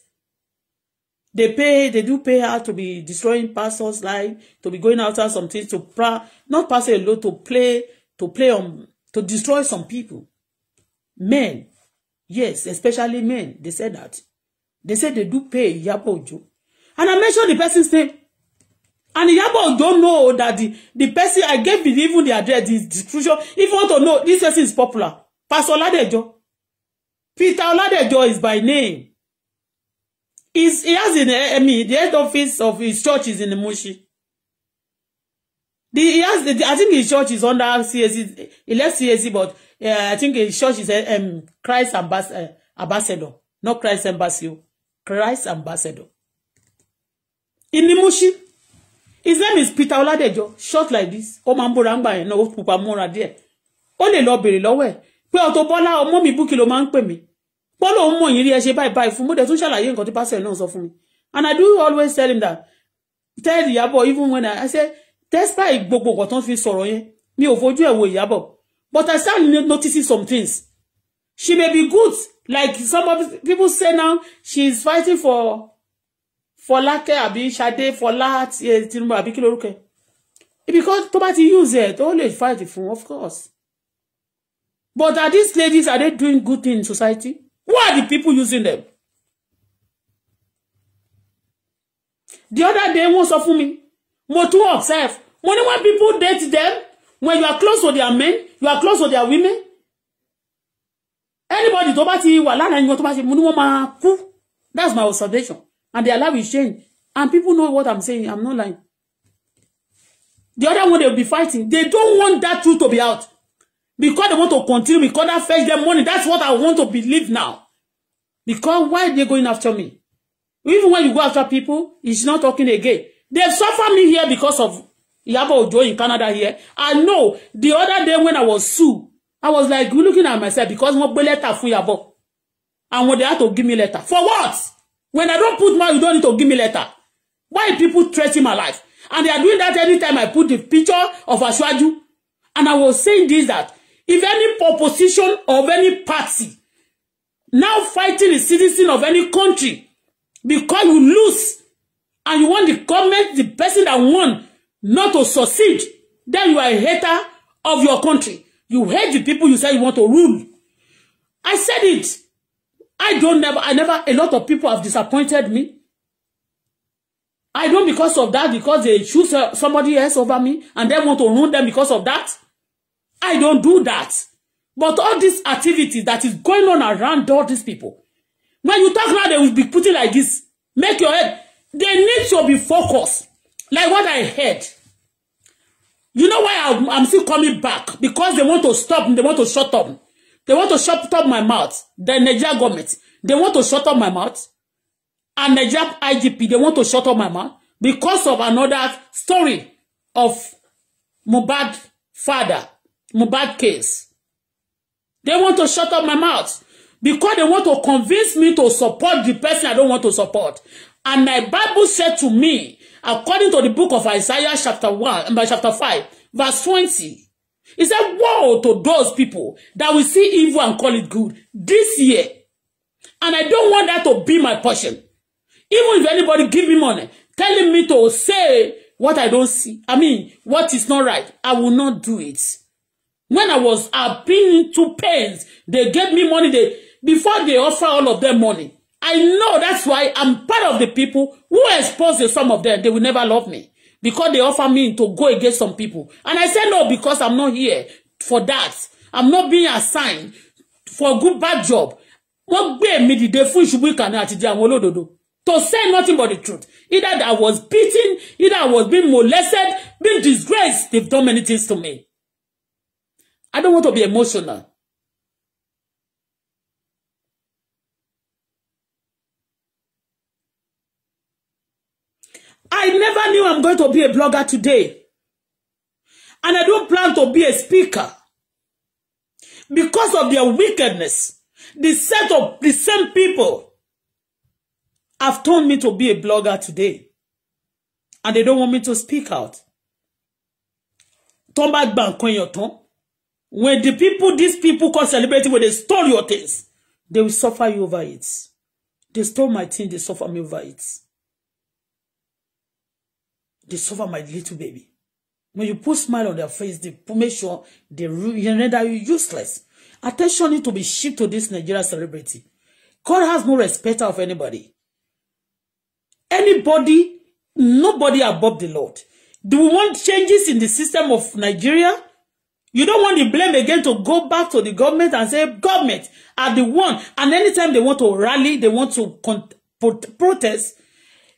S1: they pay they do pay her to be destroying pastors life to be going after some things to pra not pass a law to play to play on to destroy some people men yes especially men they said that They said they do pay Iyabo Ojo. And I mentioned the person's name. And Iyabo Ojo know that the, the person, I gave it, even the address, the description. If you want to know, this person is popular. Pastor Oladejo. Peter Oladejo is by name. He's, he has in, I mean, the head office of his church is in Mushi. The, he has, the, I think his church is under CAC, he left CAC, but uh, I think his church is um, Christ ambas uh, ambassador, not Christ embassy. Christ ambassador. Inimushi. His name is Peter Oladejo. Short like this. Ó máa ń bóra ń pupa múra díẹ̀. Ó lè lọ béèrè lọ́wọ́ ẹ̀ pé Auto Bola ọmọ mi Bukky ló máa ń pè mí. Bọ́lá òun mọ̀ yín rí ẹ ṣe báyìí báyìí fún mo dẹ̀ tún ṣàlàyé nǹkan tí pásítọ̀ náà sọ fún mi. And I do always tell him that tell the Ìyábọ̀ even when I, I say despite gbogbo nǹkan tó ń fi sọ̀rọ̀ yẹn mi ò fojú ẹ̀ wo Ìyábọ̀ but I start noticing some things She may be good. Like some of people say now, she is fighting for Fọlákẹ́ àbí Ṣadé Fọlá eh, Tinubu àbí kí lorúkọ ẹ̀. Because tó bá ti use it, tó lè fight fún of course. But are these ladies, are they doing good thing in society? Who are the people using them? The other day wọ́n sọ fún mi, mo tún observe, mo ní when people date them, when you are close to their men, you are close to their women, anybody tó bá ti wà lára ẹni wọn tó bá ṣe mú ni wọ́n that's my observation and their life is changed and people know what i'm saying i'm not lying the other one they will be fighting they don't want that truth to be out because they want to continue because that fetch them money that's what i want to believe now because why they going after me even when you go after people it's not talking again they suffer me here because of Iyabo Ojo in Canada here i know the other day when i was sued I was like looking at myself because wọ́n gbé lẹ́tà fún Ìyábọ̀ and when they had to give me letter for what when I don't put mouth you don't need to give me letter why people threatening my life and they are doing that anytime I put the picture of Aṣíwájú and I was saying this that if any proposition of any party now fighting a citizen of any country because you lose and you want the government the person that won not to succeed then you are a hater of your country You hate the people you say you want to rule. I said it. I don't never, I never, a lot of people have disappointed me. I don't because of that, because they choose uh, somebody else over me and they want to ruin them because of that. I don't do that. But all this activity that is going on around all these people, when you talk now, they will be putting like this. Make your head. They need to be focused. Like what I heard. You know why I'm, I'm still coming back? Because they want to stop me. They want to shut up. They want to shut up my mouth. The Nigeria government. They want to shut up my mouth. And Nigeria IGP, they want to shut up my mouth because of another story of Mubad father, Mubad case. They want to shut up my mouth because they want to convince me to support the person I don't want to support. And my Bible said to me according to the book of Isaiah chapter 1, uh, chapter 5, verse 20. He said, woe to those people that will see evil and call it good this year. And I don't want that to be my portion. Even if anybody give me money, telling me to say what I don't see, I mean, what is not right, I will not do it. When I was I've been to pains, they gave me money. They before they offer all of their money, I know that's why I'm part of the people who expose the, some of them. They will never love me because they offer me to go against some people. And I say no because I'm not here for that. I'm not being assigned for a good bad job. To say nothing but the truth. Either I was beaten, either I was being molested, being disgraced. They've done many things to me. I don't want to be emotional. I never knew I'm going to be a blogger today. And I don't plan to be a speaker. Because of their wickedness, the set of the same people have told me to be a blogger today. And they don't want me to speak out. Tó bá gba nǹkan èèyàn tán. When the people, these people come celebrating, when they stole your things, they will suffer you over it. They stole my thing, they suffer me over it they suffer my little baby. When you put smile on their face, they make sure they render you useless. Attention need to be shipped to this Nigerian celebrity. God has no respect of anybody. Anybody, nobody above the Lord. Do we want changes in the system of Nigeria? You don't want the blame again to go back to the government and say, government are the one. And anytime they want to rally, they want to protest,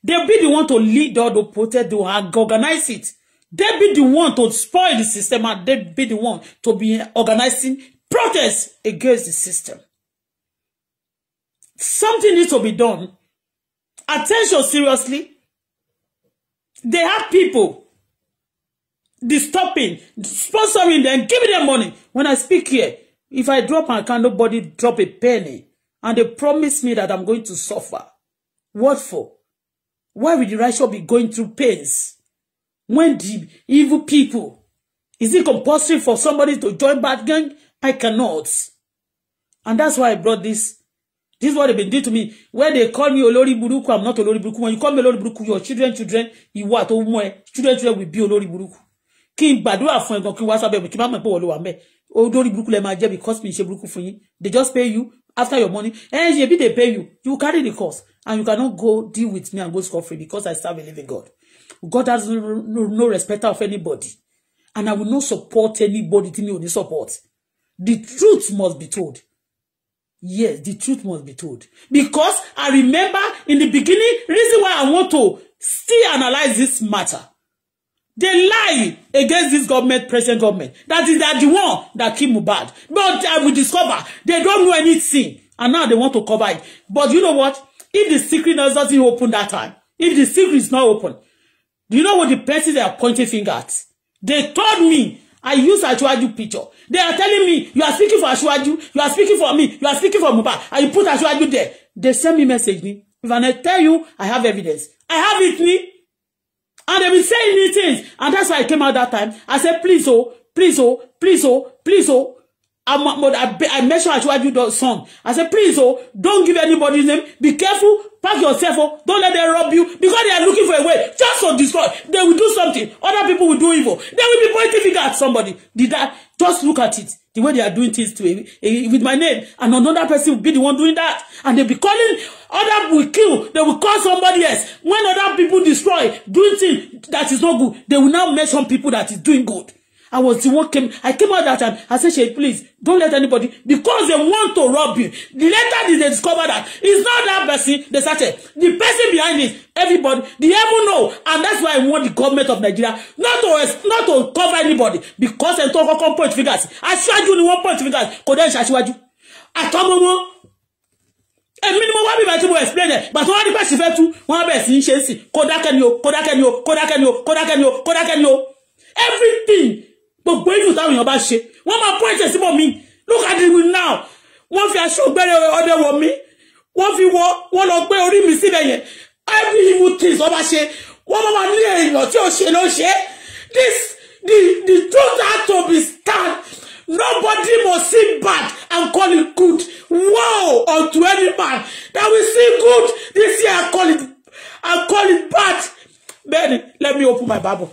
S1: They be the one to lead or to protect or organize it. They be the one to spoil the system and they be the one to be organizing protests against the system. Something needs to be done. Attention seriously. They have people disturbing, sponsoring them, giving them money. When I speak here, if I drop and can nobody drop a penny, and they promise me that I'm going to suffer. What for? Why will the righteous be going through pains? When the evil people, is it compulsory for somebody to join bad gang? I cannot. And that's why I brought this. This is what they've been doing to me. When they call me Olori Buruku, I'm not Olori Buruku. When you call me Olori Buruku, your children, children, what? children, children will be Olori Buruku. King Badua gbàdúrà fún ẹ̀gàn kí n wá sábẹ́ mi, kí n má mọ̀ pé wọ́n ló wà because mi ṣe Buruku for you. They just pay you after your money. Ẹ eh, ṣe they pay you, you carry the cost. And you cannot go deal with me and go scot-free because I serve a living God. God has no, no, no respect of anybody. And I will not support anybody tí mi ò support. The truth must be told. Yes, the truth must be told. Because I remember in the beginning, reason why I want to still analyze this matter. They lie against this government, present government. That is that the one that killed bad. But I will discover they don't know anything. And now they want to cover it. But you know what? If the secret does not open that time, if the secret is not open, do you know what the person they are pointing finger at? They told me I use Ashwaju picture. They are telling me you are speaking for Ashwaju, you are speaking for me, you are speaking for Mohbad, and you put Ashwaju there. They send me message me. If I tell you, I have evidence. I have it me. And they been saying me things. And that's why I came out that time. I said, please oh, please oh, please oh, please oh, I'm, but I, I mentioned Asiwaju song. I said, please, oh, don't give anybody's name. Be careful. Pack yourself, oh. Don't let them rob you. Because they are looking for a way just to destroy. They will do something. Other people will do evil. They will be pointing finger at somebody. Did that? Just look at it. The way they are doing things to a, eh, a, eh, with my name. And another person will be the one doing that. And they'll be calling. Other will kill. They will call somebody else. When other people destroy, doing things that is not good, they will now mention people that is doing good. I was the one came. I came out that time. I said, Shay, please don't let anybody because they want to rob you. The later did they discover that it's not that person. They started the person behind it. Everybody, the devil know, and that's why I want the government of Nigeria not to not to cover anybody because they talk about point figures. Aṣíwájú ni wọ́n point figures. Kò dẹ́n ṣaṣíwájú. Àtọ́mọ́ wọn èmi ni mo wá bí bàtí mo explain ẹ̀ bàtí wọ́n á ní pẹ́ sí fẹ́ tú wọ́n á bẹ̀ sí í ṣe é sì kó dákẹ́ ni o kó dákẹ́ ni o kó dákẹ́ everything gbogbo ìlú táwọn èèyàn bá ṣe wọ́n máa point ẹ̀ síbọ̀ mi look at me now wọ́n fi aṣọ gbẹ́rẹ́ ọdẹ wọ̀ mí wọ́n fi wọ wọ́n lọ gbé orí mi síbẹ̀ yẹn every evil things wọ́n bá ṣe wọ́n máa máa ní èèyàn tí ò ṣe ló ṣe this the the truth has to be stand nobody must see bad and call it good wow unto any man that we see good this year I call it I call it bad bẹ́ẹ̀ni let me open my Bible.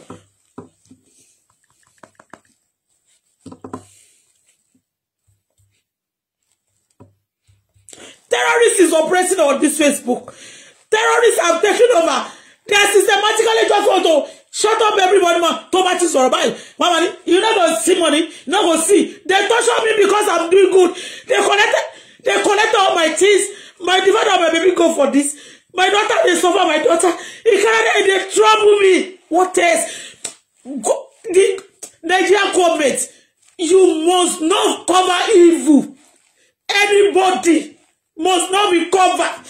S1: Terrorists is operating on this Facebook. Terrorists have taken over. They are systematically just want to shut up everybody ma tó bá ti mama ni you no go see money you no go see they torture me because i'm doing good they collect they collect all my things my father my baby go for this my daughter they suffer my daughter in Canada dey trouble me what else go the Nigerian government you must not cover evil anybody must not be covered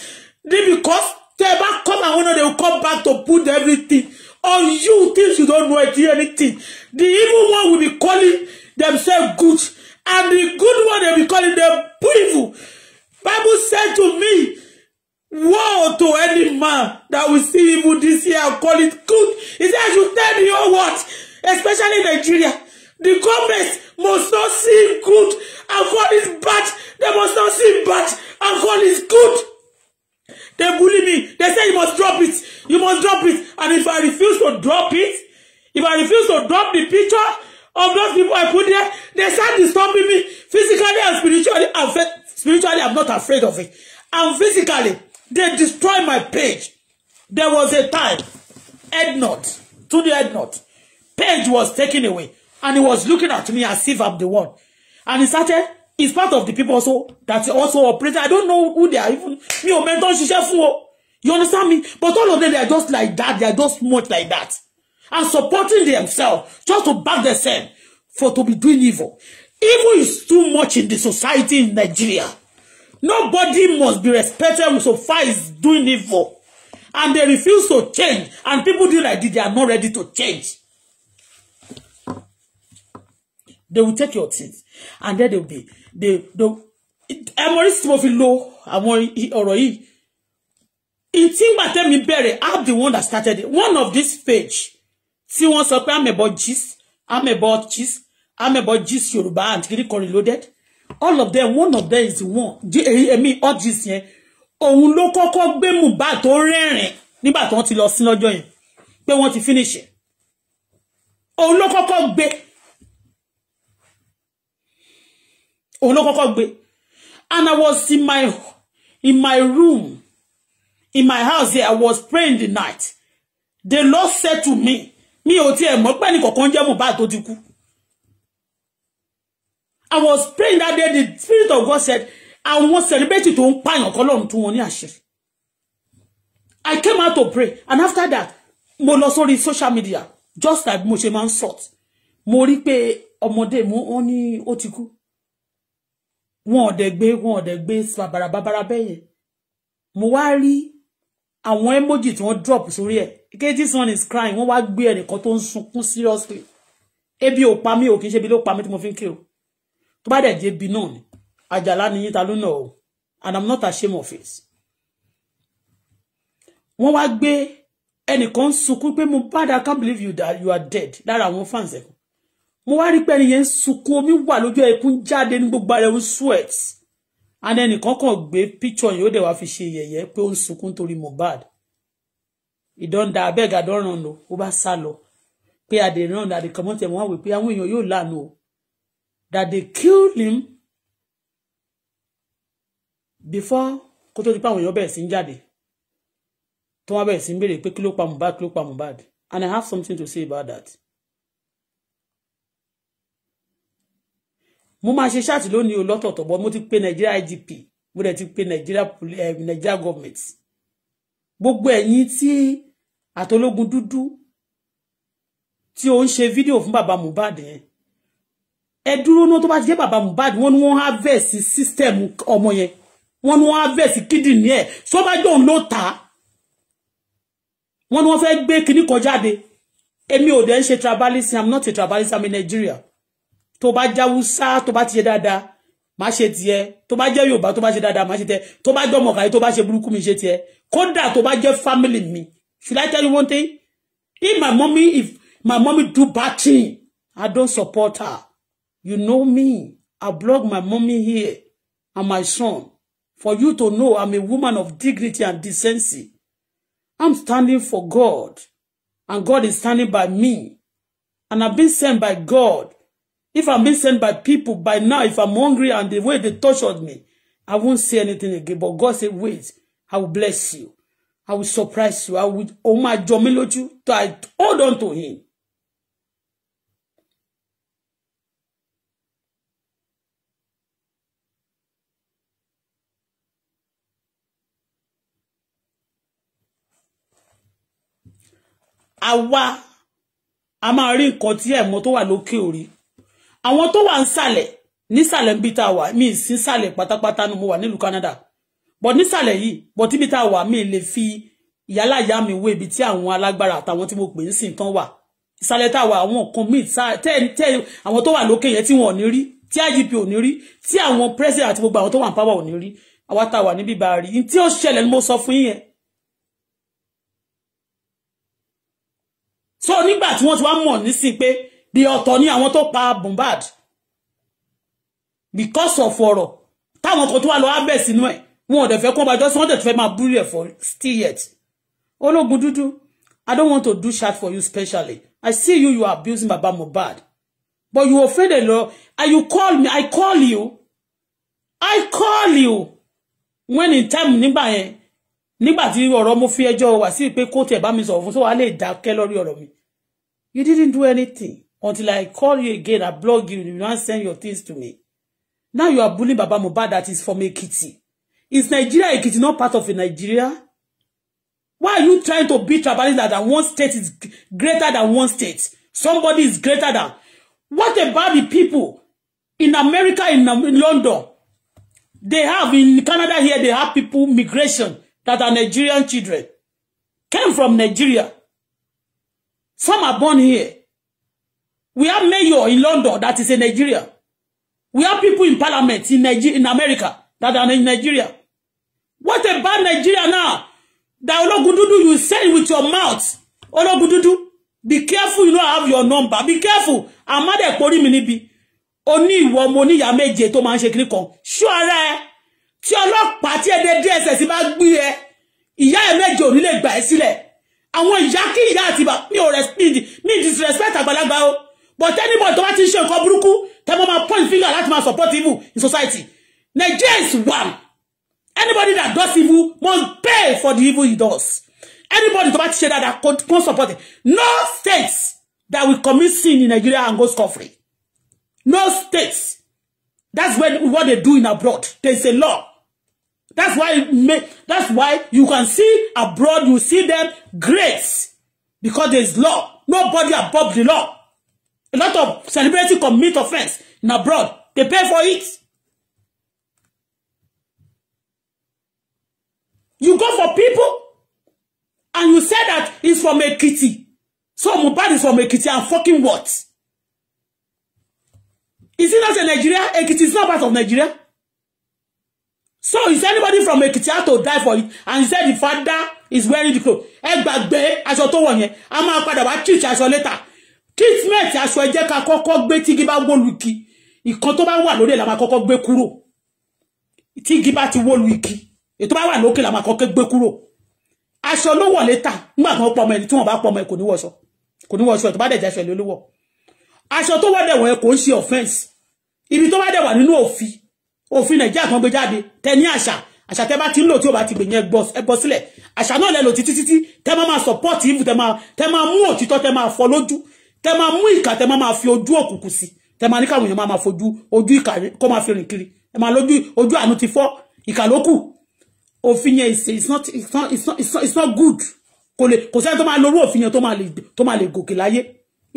S1: because they bá come and wonder they will come back to put everything on you things you don't know anything the evil one will be calling themselves good and the good one they be calling them evil Bible said to me woe to any man that will see evil this year and call it good he said you tell me whole world especially Nigeria The government must not see good and call it bad. They must not see bad and call it good. They bully me. They say you must drop it. You must drop it. And if I refuse to drop it, if I refuse to drop the picture of those people I put there, they start disturbing me physically and spiritually. I'm spiritually, I'm not afraid of it. And physically, they destroy my page. There was a time, Headnot, to the Headnot, page was taken away and he was looking at me as if I'm the one. And he started, he's part of the people also that also operated. I don't know who they are even. Me or mentor ṣiṣẹ́ fún You understand me? But all of them, they are just like that. They are just much like that. And supporting themselves just to back themselves for to be doing evil. Evil is too much in the society in Nigeria. Nobody must be respected so far is doing evil. And they refuse to change. And people do like this, they are not ready to change. they will take your things and then they will be they they emory tí mo fi lo àwọn ọ̀rọ̀ yìí ìtí ń gbà tẹ́mi bẹ̀rẹ̀ i'm the one that started it one of this page See, tí wọ́n about pé I'm about amebo I'm about gist Yoruba and kiri kan reloaded all of them one of them is the one èmi all gist yẹn òun ló kọ́kọ́ gbé Mohbad tó rẹ́rìn nígbà tí wọ́n ti lọ sí lọ́jọ́ yẹn pé wọ́n ti finish òun ló kọ́kọ́ gbé. òun ló kọ́kọ́ gbé and I was in my in my room in my house there I was praying the night the Lord said to me mi ò tiẹ̀ mọ̀ pé ẹnìkọ̀ọ̀kan jẹ́ Mohbad tó ti kú I was praying that day the spirit of God said àwọn celebrity tó ń pààyàn kọ́ lọ́run tú wọn ní àṣírí I came out to pray and after that mo lọ sórí social media just like mo ṣe máa ń sort mo rí pé ọmọdé mu ó ní ó ti kú wọn ò dẹ̀ gbé wọn ò dẹ̀ gbé bàbàrà bàbàrà bẹ́yẹn mo wá rí àwọn emoji tí wọ́n drop sórí ẹ̀ ike this one is crying wọ́n wá gbé ẹnìkan tó ń seriously ebi ò pa mí ò kì í ṣe ibi ló pa mí tí mo fi ń kí o tó bá dẹ̀ jẹ́ ibi náà ni àjàlá ni yín ta ló o and i'm not ashamed of it wọ́n wá gbé ẹnìkan sunkún pé mo bad i can't believe you that you are dead lára àwọn fans ẹ̀kọ́ mo wá rí pé ẹni yẹn ń sunkún omi wà lójú ẹkún jáde ní gbogbo ara ẹ̀hún sweat and ẹnìkan kàn gbé picture yìí ó dẹ̀ wá fi ṣe yẹ̀yẹ́ pé ó ń sunkún torí Mohbad ìdọ́ndà abẹ́gà dọ́ràn lò ó bá sá lọ pé àdèrán àdè kọ́mọ́ tẹ̀ wọ́n wá pé àwọn èèyàn yóò lànà o that they killed him before kó tó di pé àwọn èèyàn bẹ̀rẹ̀ sí ń jáde tó wá bẹ̀rẹ̀ sí ń béèrè pé kí ló pa Mohbad kí ló pa Mohbad and I have something to say about that. mo máa ṣe ṣáàtì lónìí o lọ́tọ̀ọ̀tọ̀ bọ́ mo ti pe Nigeria IGP mo dẹ̀ ti pe Nigeria eh, Nigeria government gbogbo ẹ̀yin tí àtológun dúdú tí ó ń ṣe fídíò fún bàbá Mohbad yẹn ẹ dúró náà tó bá ti jẹ́ bàbá Mohbad wọ́n ní wọ́n harvest system ọmọ yẹn wọ́n ní wọ́n harvest kidney ẹ̀ sọ́bàjọ́ òun ló ta wọ́n ní wọ́n fẹ́ gbé kinní kan jáde èmi ò dẹ̀ ń ṣe tribalism i'm not a tribalist i'm a Nigeria tó bá jáwúsá tó bá ti ṣe dáadáa má ṣe tiẹ̀ tó bá jẹ́ yorùbá tó bá ṣe dáadáa má ṣe tiẹ̀ tó bá jẹ́ ọmọkàyé tó bá ṣe burúkú mi ṣe tiẹ̀ kódà tó bá jẹ́ family mi should I tell you one thing if my mommy if my mommy do bad thing I don't support her you know me I block my mommy here and my son for you to know I'm a woman of dignity and decency I'm standing for God and God is standing by me and I've been sent by God If I'm being sent by people by now, if I'm hungry and the way they tortured me, I won't say anything again. But God said, wait, I will bless you. I will surprise you. I will, oh my Jomiloju, hold on to him. Awa, a máa rí nǹkan tí ẹ̀mọ́ tó àwọn tó wà nísàlẹ̀ nísàlẹ̀ níbi tá a wà mí sísàlẹ̀ pátápátá ni mo wà nílùú Canada but nísàlẹ̀ yìí but ibi tá a wà mí lè fi ìyálà ìyá mi wé ibi tí àwọn alágbára àtàwọn tí mo pè ń sìn tán wà ìsàlẹ̀ tá a wà àwọn nǹkan míì tẹ́ àwọn tó wà lókè yẹn tí wọn ò ní rí tí IGP ò ní rí tí àwọn president àti gbogbo àwọn tó wà ní power ò ní rí àwa tá a wà níbí bá a rí tí ó ṣẹlẹ̀ ni mo sọ fún yín so nígbà tí wọ́n ti wá mọ̀ nísìn pé the ọ̀tọ̀ ni àwọn tó pa Mohbad because of ọ̀rọ̀ táwọn kan tó wà lọ abẹ́ sínú ẹ̀ wọn ò dẹ̀ fẹ́ kó bá jọ́sí wọ́n dẹ̀ fẹ́ máa búrú ẹ̀ for still yet ológun dúdú I don't want to do chat for you specially I see you you are abusing baba Mohbad but you offend a lot and you call me I call you I call you when in time nígbà yẹn nígbà tí ọ̀rọ̀ mo fi ẹjọ́ wá sí pé kóòtù ẹ̀ bá mi sọ̀rọ̀ fún sọ wàá lè dákẹ́ lórí ọ̀rọ̀ mi you didn't do anything until I call you again, I block you, you don't send your things to me. Now you are bullying Baba Mohbad that is from Ekiti. Is Nigeria Ekiti not part of Nigeria? Why are you trying to be tribalism that one state is greater than one state? Somebody is greater than. What about the people in America, in, um, in London? They have, in Canada here, they have people, migration, that are Nigerian children. Came from Nigeria. Some are born here. We have mayor in London that is in Nigeria. We have people in parliament in Nigeria, in America that are in Nigeria. What about Nigeria now? That Ologududu you say with your mouth. Ologududu, be careful you don't have your number. Be careful. Amade kori mi níbi. Oni ìwọ ọmọ oníyà méje tó máa ń ṣe kini kan. Sure ara ẹ. Tí ọlọ́pàá tí ẹ̀dẹ̀ DSS bá gbé e Ìyá ẹ méje ò ní lè gbà ẹ́ sílẹ̀. Àwọn ìyá kí ìyá àti mi ò respect ní disrespect àgbàlagbà o but anybody tó bá ti ṣe nǹkan burúkú tẹ́ mọ́ máa point finger láti máa support evil in society Nigeria is one anybody that does evil must pay for the evil he does anybody tó bá ti ṣe dáadáa kò support it no states that will commit sin in Nigeria and go scot free no states that's when what they do in abroad there is a law that's why may, that's why you can see abroad you see them grace because there is law nobody above the law A lot of celebrities commit offense in abroad. They pay for it. You go for people and you say that it's from Ekiti. So Mohbad is from Ekiti and fucking what? Is it not a Nigeria? Ekiti is not part of Nigeria. So is anybody from Ekiti have to die for it? And you say the father is wearing the clothes. Ẹ gbàgbé aṣọ tó wọ̀ yẹn. A máa padà wá church aṣọ later treatment aṣọ ẹ jẹ́ ká kọ́kọ́ gbé tígi bá wọ́lu igi ìkan tó bá wà lórí ẹ̀ la máa kọ́kọ́ gbé kúrò tígi bá ti wọ́lu igi ètò bá wà lókè la máa kọ́kọ́ gbé kúrò aṣọ ló wọ̀ létà nígbà kan pọmọ ẹni tí wọ́n bá pọmọ ẹ kò ní wọṣọ kò ní wọṣọ ẹ tó bá dẹ̀jà aṣọ ẹ lólúwọ̀ aṣọ tó wọ́dẹ̀ wọ̀ ẹ kò ń ṣe offence ibi tó bá dẹ̀ wà nínú òfin òfin nàìjíríà kan gbé jáde tẹ ní àṣà àṣà tẹ bá ti ń lò tí o bá ti gbìyànjú ẹ bọ sílẹ̀ àṣà náà lẹ lò títí títí tẹ máa máa support ìfù tẹ máa mú òtítọ́ tẹ máa fọ́ lójú tẹ máa mú ìkà tẹ máa máa fi ojú òkùnkùn sí tẹ máa ní káwọn èèyàn máa máa fojú ojú ìkà kó máa fi rìn kiri ẹ máa lójú ojú àánú ti fọ́ ìkà ló kù òfin yẹn ìsè it's not it's not it's not it's not, it's not good kò lè kò sẹ́ni tó máa lórú òfin yẹn tó máa lè tó máa lè gòkè láyé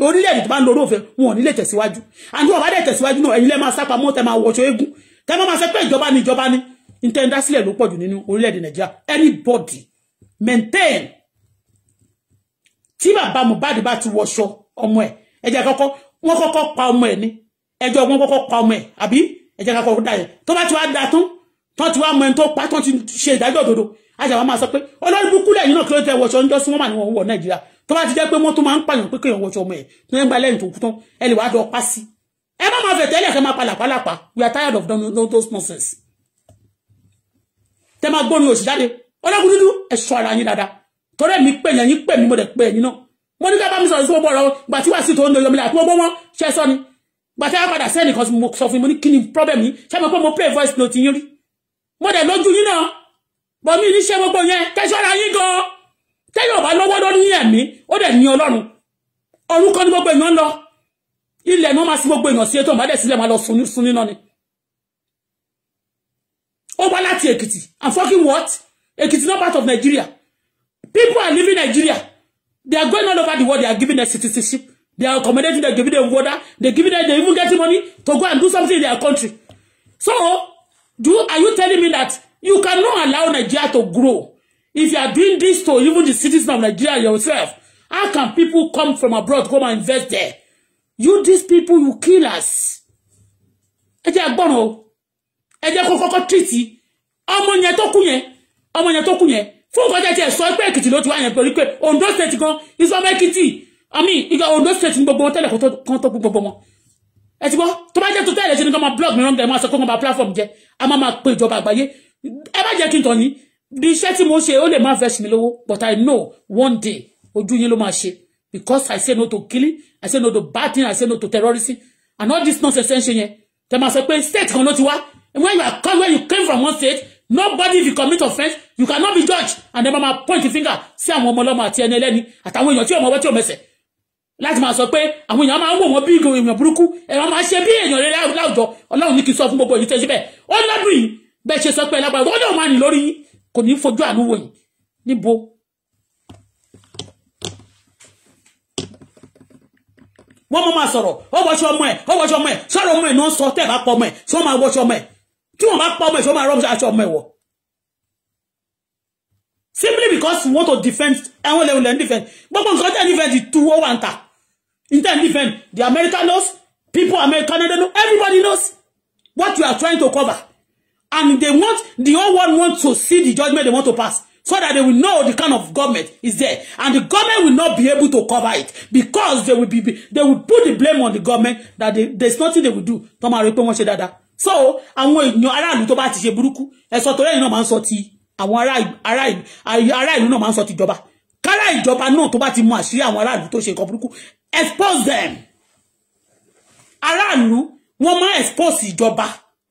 S1: orílẹ̀-èdè tó bá ń lórú òfin wọn ò ní lè tẹ̀síwájú àti wọn bá dẹ̀ tẹ̀síwájú náà ẹ̀yin lẹ́ máa sápamọ́ tẹ máa wọṣọ eégún tẹ máa máa sẹ pé ìjọba ni ìjọba ni ìtẹ̀ǹdá sílẹ̀ ló pọ̀ jù nínú orílẹ̀-èdè anybody maintain tí bàbá Mohbad bá ti wọṣọ ọmọ ẹ̀ ẹjẹ́ kọ́kọ́ wọ́n kọ́kọ́ pa ọmọ ẹ̀ ni ẹjọ́ wọn kọ́kọ́ pa ọmọ ẹ̀ àbí ẹjẹ́ kọ́kọ́ dà yẹn tó bá ti wá da tún tán ti wá mọ ẹni tó pa tán ti ṣe ìdájọ́ òdodo àjà wọn máa sọ pé olórí burúkú lẹ́yìn náà kí ló tẹ wọṣọ ń jọ́sí wọn mà ní wọn wọ nàìjíríà tó bá ti jẹ́ pé wọ́n tún máa ń pààyàn pé kéèyàn wọṣọ ọmọ ẹ̀ tó ń gba lẹ́yìn tó kú tán ẹ lè wá dọ̀ pa sí ẹ má máa fẹ̀ tẹ́lẹ̀ kẹ́ máa palàpalàpà we are tired of those nonsense tẹ́ máa gbóni òsì jáde ọlọ́kùn dúdú ẹ̀ṣọ́ ara yín dáadáa torí ẹ̀mí pè yẹn yín pè mí mo dẹ̀ pè yín náà mo ní ká bá mi sọ̀rọ̀ sí gbogbo ọ̀rọ̀ gbà tí wà sí tó ń doyọ̀mí àti gbogbo wọn ṣe sọ ni gbà tí wọ́n padà sẹ́ni kan mo sọ fún mi ní kí ni problem yìí ṣé mo pé mo play voice note yín rí mo dẹ̀ lójú yín náà bọ̀ mí ní ṣe gbogbo yẹn tẹ́sọ́ra yín gan tẹ́yọ̀ bá lọ́wọ́ ló ní ẹ̀mí ó dẹ̀ ní ọlọ́run ọ̀run kan ní gbogbo èèyàn lọ ilẹ̀ ni wọ́n máa sí gbogbo èèyàn sí ètò ìbádẹ́ sílẹ̀ máa lọ sun níná ni ó wá láti èkìtì I'm fucking what èkìtì not part of Nigeria people are leaving Nigeria They are going all over the world. They are giving their citizenship. They are accommodating. They are giving them water. They giving them. They even getting money to go and do something in their country. So, do are you telling me that you cannot allow Nigeria to grow if you are doing this to even the citizens of Nigeria yourself? How can people come from abroad come and invest there? You these people, you kill us. Ẹ jẹ́ gbọ́n o. Ẹ jẹ́ kó kọ́kọ́ treat ọmọ yẹn tó kú fún nǹkan jẹ́jẹ́ sọ pé èkìtì ló ti wá yẹn pé orípé ondo state gan ìsọmọ èkìtì àmì ìgbà ondo state ní gbogbo wọn tẹ́lẹ̀ kan tó gbogbo wọn ẹ ti gbọ́ tó bá jẹ́ tó tẹ́lẹ̀ ṣe ni kọ́ máa blog mi rán gẹ̀ẹ́ máa sọ kọ́ máa platform jẹ́ a máa máa pe ìjọba àgbáyé ẹ bá jẹ́ kí n tọ̀ ní di iṣẹ́ tí mo ṣe ó lè má fẹ́ mi lówó but I know one day ojú yín ló máa ṣe because I say no to killing I say no to bad thing I say no to terrorism and all this nonsense ṣe yẹn tẹ máa sọ pé state kan ló ti wá when you come when you came from one state nobody if you commit offence you cannot be judged and then mama point the finger sí àwọn ọmọ ọlọ́mọ àti ẹni ẹlẹ́ni àtàwọn èèyàn tí ọmọ ọwọ́ tí ọmọ ẹsẹ̀ láti máa sọ pé àwọn èèyàn máa ń wò wọ́n bí èèyàn burúkú ẹ̀rọ máa ṣe bí èèyàn rere láwùjọ ọlọ́run ní kí n sọ fún gbogbo èyí tẹ́ síbẹ̀ ó lọ́dún yìí bẹ́ẹ̀ ṣe sọ pé ẹlágbára ó lọ́ọ̀ máa nì lórí kò ní fojú àánú wò yìí níbo wọ́n mọ́ máa sọ̀rọ̀ ó wọ́ṣọ ọmọ ẹ̀ ó wọ́ṣọ ọmọ ẹ̀ sọ̀rọ̀ ọmọ ẹ̀ ni wọ́n sọ tẹ́ẹ̀ bá pọ̀ ọmọ ẹ̀ tí wọ́n máa wọ́ṣọ ọmọ ẹ̀ tí wọ́n bá pa ọmọ ìṣọ́ máa rọ́ọ̀mù aṣọ ọmọ ẹ̀wọ̀ simply because you want defend ẹ̀wọ̀n lẹ́wọ̀n lẹ́wọ̀n defend gbogbo nǹkan tẹ̀ defend tuwọ́ wà ń ta defend the American knows people American Canada know everybody knows what you are trying to cover and they want the whole world want to see the judgment they want to pass so that they will know the kind of government is there and the government will not be able to cover it because they will be they will put the blame on the government that they, there's nothing they will do tó máa rí pé ṣe dáadáa so àwọn èèyàn aráàlú tó bá ti ṣe burúkú ẹ̀sọ́ torí ẹ̀yìn náà máa ń sọ ti àwọn aráàlú náà máa ń sọ ti ìjọba kárá ìjọba náà tó bá ti mú àṣírí àwọn aráàlú tó ṣe nǹkan burúkú expose them aráàlú wọ́n máa expose ìjọba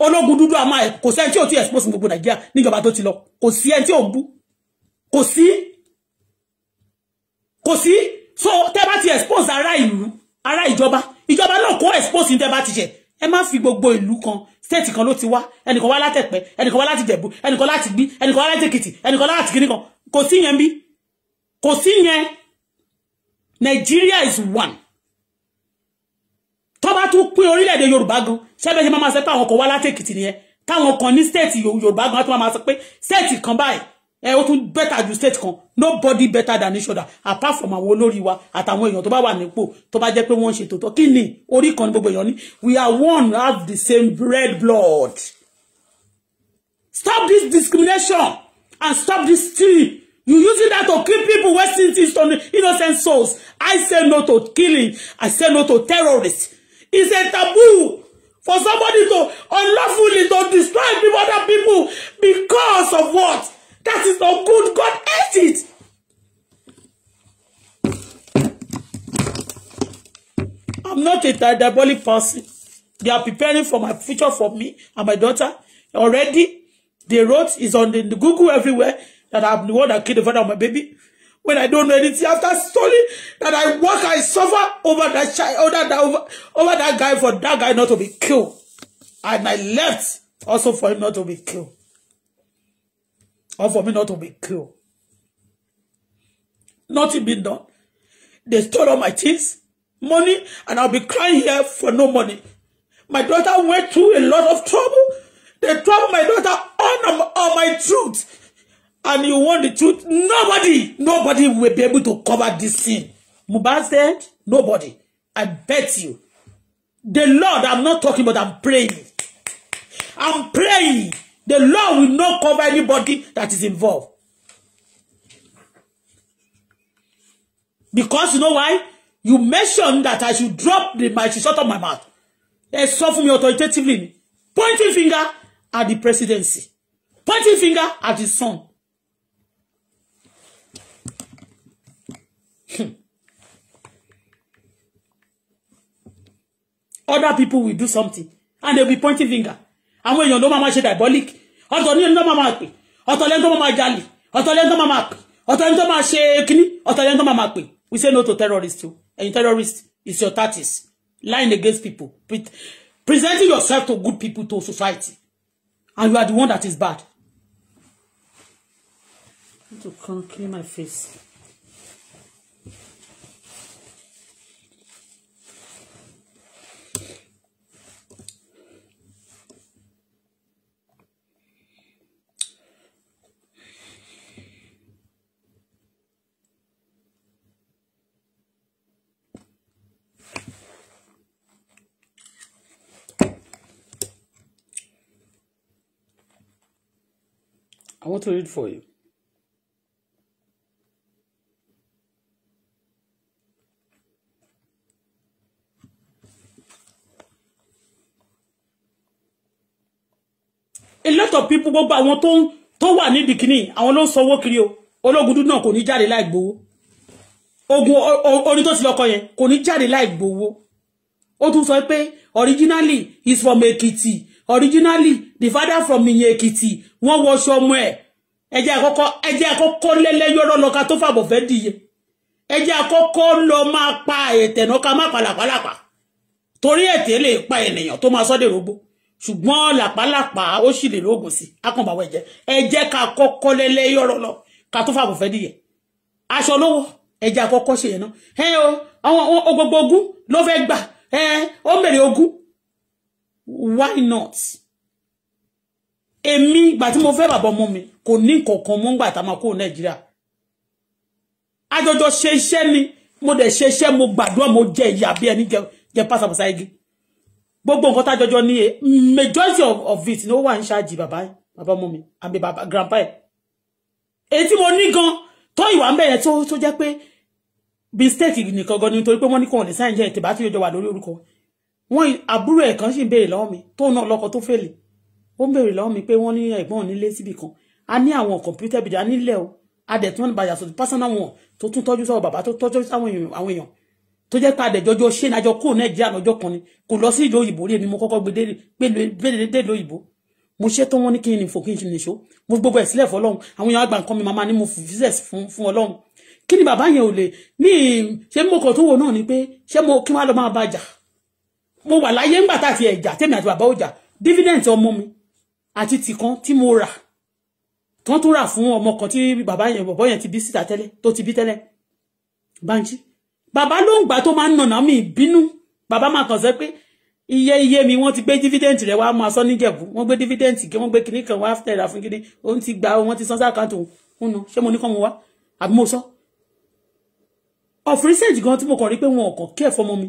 S1: ológun dúdú àmà ẹ̀ kò sí ẹni tí ò ti expose gbogbo nàìjíríà níjọba tó ti lọ kò sí ẹni tí ò bú kò sí kò sí so tẹ́ bá ti expose ará ìlú ará ìjọba ìjọba náà kò expose ní tẹ́ bá ti ṣe ẹ má fi gbogbo ìlú kan state kan ló ti wá ẹnìkan wá látẹ̀pẹ́ ẹnìkan wá láti jẹ̀bú ẹnìkan láti gbí ẹnìkan wá láti èkìtì ẹnìkan láti kìnìkan kò sí yẹn bí kò sí yẹn Nigeria is one tó bá tún pín orílẹ̀-èdè Yorùbá gan ṣẹ́bẹ̀ṣẹ́ máa ma sọ pé àwọn kan wá láti èkìtì nìyẹn táwọn kan ní state Yorùbá gan á tún máa ma sọ pé state kan báyìí ẹ ó tún better ju state kan nobody better than each other apart from àwọn olórí wa àtàwọn èèyàn tó bá wà nípò tó bá jẹ́ pé wọ́n ṣe tòótọ́ kí ni orí kan ní gbogbo èèyàn ní we are one have the same red blood stop this discrimination and stop this stealing you using that to kill people wasting things on innocent souls I say no to killing I say no to terrorists it's a taboo for somebody to unlawfully to destroy people other people because of what That is not good. God hates it. I'm not a diabolic person. They are preparing for my future for me and my daughter. Already, they wrote, is on the, the Google everywhere, that I'm the one that killed the father of my baby. When I don't know anything after story that I work, I suffer over that child, over that, over, over that guy for that guy not to be killed. And I left also for him not to be killed or for me not to be killed. Nothing been done. They stole all my things, money, and I'll be crying here for no money. My daughter went through a lot of trouble. They trouble my daughter on, on my truth. And you want the truth? Nobody, nobody will be able to cover this sin. Mohbad said, nobody. I bet you. The Lord, I'm not talking, but I'm praying. I'm praying The law will not cover anybody that is involved. Because you know why? You mentioned that I should drop the mic shut up my mouth. They sọ fún mi authoritatively. Pointing finger at the presidency. Pointing finger at his son. Hmm. Other people will do something and they'll be pointing finger àwọn èèyàn ló máa ma ṣe diabolic ọ̀tọ̀ ní ẹni tó máa ma pè ọ̀tọ̀ lẹ́ni tó máa ma jalè ọ̀tọ̀ lẹ́ni tó máa ma pè ọ̀tọ̀ lẹ́ni tó máa ṣe kíní ọ̀tọ̀ lẹ́ni tó máa ma pè we say no to terrorist o ẹ̀yin terrorist is your tactics lying against people presenting yourself to good people to society and you are the one that is bad. I need to come clean my face. I want to read for you. a lot of people gbogbo àwọn tó to wà nídìí bikini. I want ń sanwó kiri o ológun dúdú náà kò ní jáde láì gbowó ogun orin tó ti lọkọ yẹn kò ní jáde láì gbowó ó tún sọ pé originally is from Ekiti originally the father from Ìyẹn Èkìtì wọ́n wọṣọ ọmọ ẹ̀ ẹjẹ́ àkọ́kọ́ ẹjẹ́ àkọ́kọ́ lẹ́lẹ́ yọ́rọ́ lọ́ka tó fàbọ̀ fẹ́ dìye ẹjẹ́ àkọ́kọ́ lọ máa pa ètẹ̀nà ká má pa làpálàpá torí ètè lè pa ènìyàn tó máa sọ́dẹ̀ rógbó ṣùgbọ́n làpálàpá ó sì lè lóògùn sí akọ̀bàwọ̀ ẹ̀jẹ̀ ẹjẹ́ ká kọ́kọ́ lẹ́lẹ́ yọ́rọ́ lọ ká tó fàbọ̀ fẹ́ dìye aṣọ lówó ẹjẹ́ àkọ́kọ́ ṣe yẹn náà ẹ o àwọn gbogbo ogún ló fẹ́ gbà ẹ ó mèrè why not Emi ìgbà tí mo fẹ́ bàbá ọmọ mi kò ní nǹkankan mọ́ ngbà tá máa kó nàìjíríà àjọjọ ṣe iṣẹ́ ni mo dẹ̀ ṣe iṣẹ́ mo gbàdúrà mo jẹ ìyà bí ẹni jẹ pásapàsa igi gbogbo nǹkan tájọjọ ní e majority of, of it ni ó wà ń ṣáàjì bàbá bàbá mi àmì bàbá grandpa ẹ èyí tí mo ní gan tó ìwà ń bẹ̀rẹ̀ tó jẹ́ pé mistake nìkan gan ni nítorí pé wọ́n ní kò wọ́n ní sáyẹn jẹ́ ètè bá tí yóò jọ wà lórí orúkọ wọn àbúrò ẹ̀ kan sì ń béèrè mi tóun náà lọ́kọ tó fèlè ó ń béèrè lọ́wọ́ mi pé wọ́n ní ẹ̀gbọ́n òní lé síbì kan a ní àwọn kọ̀mpútà bìdá nílẹ̀ o a dẹ̀ tí wọ́n ní bàjá sọ̀tún pásánà wọn tó tún tọ́jú sọ̀rọ̀ bàbá tó tọ́jú sáwọn èèyàn tó jẹ́ pé àdẹ̀jọ́jọ́ ṣé ní àjọ kó náà jẹ́ ànájọ́ kan ni kò lọ sí ìlú òyìnbó rí èmi mo kọ́kọ́ gbé dé ìlú òyìnbó mo ṣe tó wọ́n ní kí n fò kí n nìṣó mo gbogbo ẹ̀ sílẹ̀ fọlọ́run àwọn èèyàn àgbà nǹkan mi màmá ni mo fìfísẹ̀ fún ọlọ́run kí ni bàbá yẹn ò lè ní ṣé mo kàn tó wò náà ni pé ṣé mo kí wọ́n lọ máa bá jà mo wà láyé ńgbà tá àti ẹ̀jà tèmi àti bàbá ò jà dividend ọmọ mi àti tìkan tí mo rà tán tún rà fún ọmọ kan tí bàbá yẹn bọ̀bọ̀ yẹn ti bí síta tẹ́lẹ̀ tó ti bí tẹ́lẹ̀ Banji bàbá ló ń gbà tó máa ń nànà mí bínú bàbá máa kàn sọ pé iye iye mi wọ́n ti gbé dividend rẹ̀ wá máa sọ níjẹ̀bú wọ́n gbé dividend kí wọ́n gbé kinní kan wá tẹ̀ra fún kinní òun ti gba wọ́n ti san sí àkáǹtì òun nà ṣé mo ní kàn mo wá àbí mo sọ of recent gan tí mo kàn rí pé wọn kàn kẹ́ fọmọ mi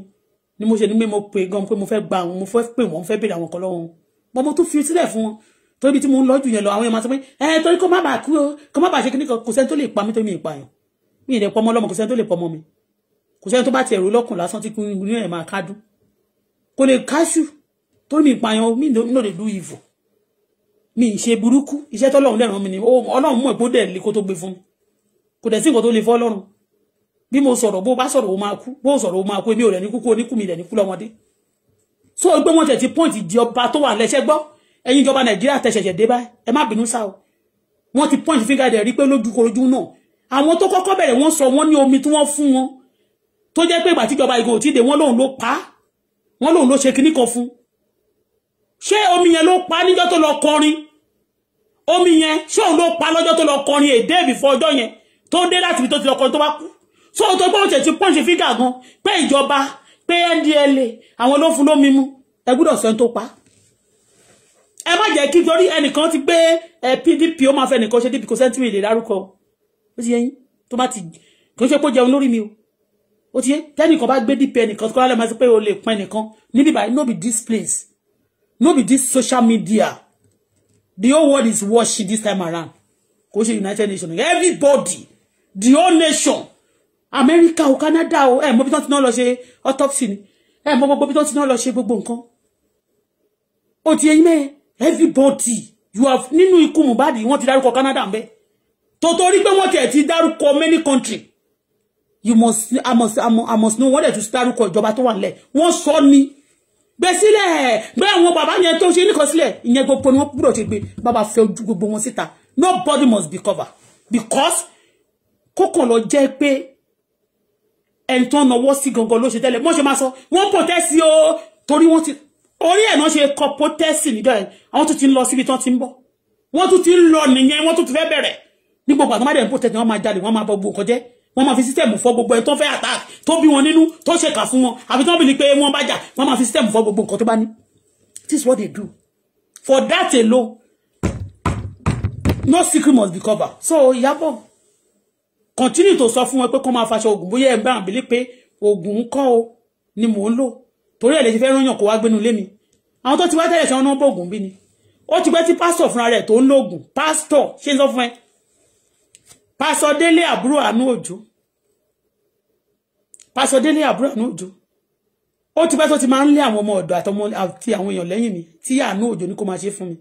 S1: ni mo ṣe ní pé mo pè gan pé mo fẹ́ gba àwọn mo fẹ́ pè wọ́n fẹ́ béèrè àwọn kan lọ́wọ́ wọn mo tún fi sílẹ̀ fún wọn torí ibi tí mo ń lọ́jù yẹn lọ àwọn èèyàn máa sọ pé ẹ torí kó má bàa kú o kó má bàa ṣe kíní kan kò sẹ́ni tó lè pa mí torí mi ìpààyàn mi ì lè pọmọ lọ́mọ kò sẹ́ni tó lè pọmọ mi kò sẹ́ni tó bá tiẹ̀ rò lọ́kùn lásán tí kún inú ẹ̀ máa kádú kò lè káṣù torí mi ìpààyàn mi ò lè lu ìvò mi ì ṣe burúkú iṣẹ́ tọ́lọ́run dẹ̀ ràn mí ni ọlọ́run mọ̀ ìpó dẹ̀ lè kó tó gbé fún mi kò dẹ̀ sí nǹkan tó lè fọ́ bí mo sọ̀rọ̀ bó bá sọ̀rọ̀ ó máa kú bó sọ̀rọ̀ o máa kú èmi ò rẹ̀ ní kúkú oníkùmí rẹ̀ ní kú lọ́mọdé so gbé wọn tẹ̀ ti pọ́ǹtì di ọba tó wà lẹ́sẹ̀ gbọ́ ẹ̀yin ìjọba nàìjíríà tẹ̀sẹ̀sẹ̀ dé báyìí ẹ má bínú sá o wọ́n ti point finger dẹ̀ rí pé lójúkorojú náà àwọn tó kọ́kọ́ bẹ̀rẹ̀ wọ́n sọ wọ́n ní omi tí wọ́n fún wọn tó jẹ́ pé ìgbà tíjọba ìgò tí dé wọ́n lòun ló pa á wọ́n lòun ló ṣe kinní kan fún ṣé omi yẹn ló pa níjọ́ tó lọ kọrin omi yẹn ṣé òun ló pa lọ́jọ́ tó lọ kọrin èdè bìfọ́ ọjọ́ yẹn tó dé láti ibi tó ti lọ kọrin tó bá kú so tó gbọ́n tẹ̀ ti pọ́ǹṣe fígà gan pé ìjọba pé NDLA àwọn ló fún lómi mú ẹ gbúdọ̀ sọ tó pa á ẹ má jẹ́ kí torí ẹnìkan ti gbé ẹ pdp ó máa fẹ́ ẹnìkan ṣe dp kò sẹ́ńtìmì lè dárúkọ ó ti yẹ yín tó bá ti kò ń ṣe pé ó jẹun lórí mi o ó ti yẹ tẹ́nìkan bá gbé dp ẹnìkan kó lálẹ́ máa sọ pé o lè pọn ẹnìkan níbi báyìí no be this place no be this social media the whole world is watching this time around kò ṣe united nations everybody the whole nation america o canada o ẹ mọ bí tán ti náà lọ ṣe autopsy ni ẹ mọ gbogbo bí tán ti náà lọ ṣe gbogbo nǹkan ó ti yẹ yín mẹ́ẹ̀ everybody you have nínú ikú Mohbad wọ́n ti dárúkọ Canada ń bẹ totori pé wọ́n tiẹ̀ ti dárúkọ many country you must i must i must, I must know what dẹ̀ tún dárúkọ ìjọba tó wà nílẹ̀ wọ́n sọ ni gbé sílẹ̀ gbé àwọn bàbá yẹn tó ṣe nìkan sílẹ̀ ìyẹn gbogbo ni wọ́n gbúdọ̀ ṣe gbé Baba fẹ́ ojú gbogbo wọn síta nobody must be cover because kókàn lọ jẹ́ pé ẹni tó ń nawọ́ sí gangan ló ṣe tẹ́lẹ̀ mọ́ ṣe máa sọ protest o torí wọ́n ti orí ẹ̀ náà ṣe kọ pótẹ́sì níjọ́ ẹ̀ àwọn tún ti ń lọ síbi tán ti ń bọ̀ wọ́n tún ti ń lọ nìyẹn wọ́n tún ti fẹ́ bẹ̀rẹ̀ ní gbogbo àtọ́mọ́dé ń pótẹ́sì wọ́n máa jalè wọ́n máa bọ gbogbo nǹkan jẹ́ wọ́n máa fi sísẹ̀mù fọ gbogbo ẹ̀ tó fẹ́ attack tó bí wọn nínú tó ṣe kà fún wọn àbí tó bí ni pé wọ́n bá jà wọ́n máa fi sísẹ̀mù fọ gbogbo nǹkan tó bá ní this is what they do for that alone no secret must be covered so Ìyábọ̀ continue to sọ fún wọn pé kó máa faṣọ oògùn bóyá ẹ̀ bá àbílẹ̀ pé oògùn ń kọ́ ni mò ń lò torí ẹ̀ lè ti fẹ́ rányàn kó wá gbénu lé mi àwọn tó ti wá tẹ́lẹ̀ sí ọ̀nà bògùn bí ni ó ti pẹ́ tí pásítọ̀ fúnra rẹ̀ tó ń lògùn pásítọ̀ ṣe ń sọ fún ẹ pásọ délé àbúrò àánú òjò pásọ délé àbúrò àánú òjò ó ti pẹ́ tó ti máa ń lé àwọn ọmọ ọ̀dọ̀ àtọmọ àti àwọn èèyàn lẹ́yìn mi tí àánú òjò ní kó máa ṣe fún mi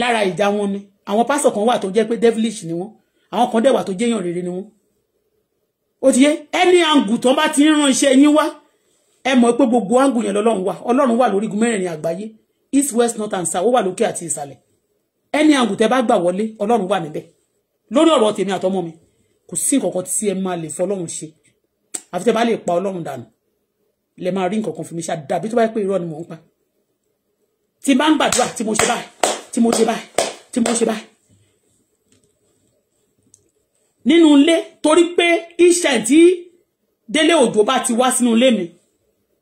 S1: lára ìjà wọn ni àwọn pásọ̀ kan wà tó jẹ́ pé devilish ni wọ́n àwọn kan dẹ̀ wà tó jẹ́yàn rere ni wọ́n ó ti yé ẹni àǹgù tó bá ti ń ran iṣẹ́ yín wá ẹ mọ̀ pé gbogbo angu yẹn lọ́lọ́run wà ọlọ́run wà lórí igun àgbáyé east west north and south ó wà lókè àti ìsàlẹ̀ ẹni angu tẹ bá gbà wọlé ọlọ́run wà níbẹ̀ lórí ọ̀rọ̀ tèmi àtọmọ mi kò sí nǹkankan tí ẹ máa lè fọ ọlọ́run ṣe àfi tẹ bá lè pa ọlọ́run dànù lẹ máa rí nǹkankan fún mi ṣá dàbí tó bá pé irọ́ ni mò ń pa tí bá ń gbàdúrà tí mo ṣe báyìí tí mo ṣe báyìí tí mo ṣe báyìí nínú ilé torí pé iṣẹ́ tí délé òjò bá ti wá sínú ilé mi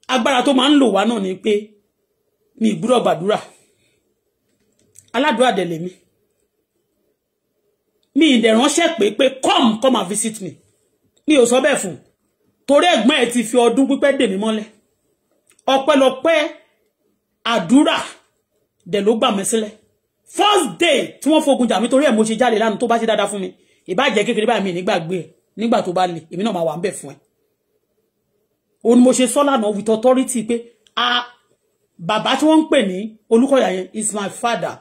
S1: agbára tó máa ń lò wá náà ni pé mi ìgbúrọ̀ gbàdúrà aládùúrà dẹ̀lẹ̀ mi mi ìdẹ̀ránṣẹ́ pé pé come come and visit me mi ò sọ bẹ́ẹ̀ fún torí ẹ̀gbọ́n ẹ̀ ti fi ọdún pípẹ́ dè mí mọ́lẹ̀ ọpẹ́lọpẹ́ àdúrà dẹ̀ ló gbà mí sílẹ̀ first day tí wọ́n fogun jà mí torí ẹ̀ mo ṣe jáde lánàá tó bá ṣe dáadáa fún mi ìbá kékeré báyìí mi nígbàgbé ẹ̀ nígbà tó bá le èmi náà máa wà ń bẹ̀ fún ẹ òun ni mo ṣe sọ with authority pé a bàbá tí wọ́n ń pè ní Olúkọ̀yà yẹn is my father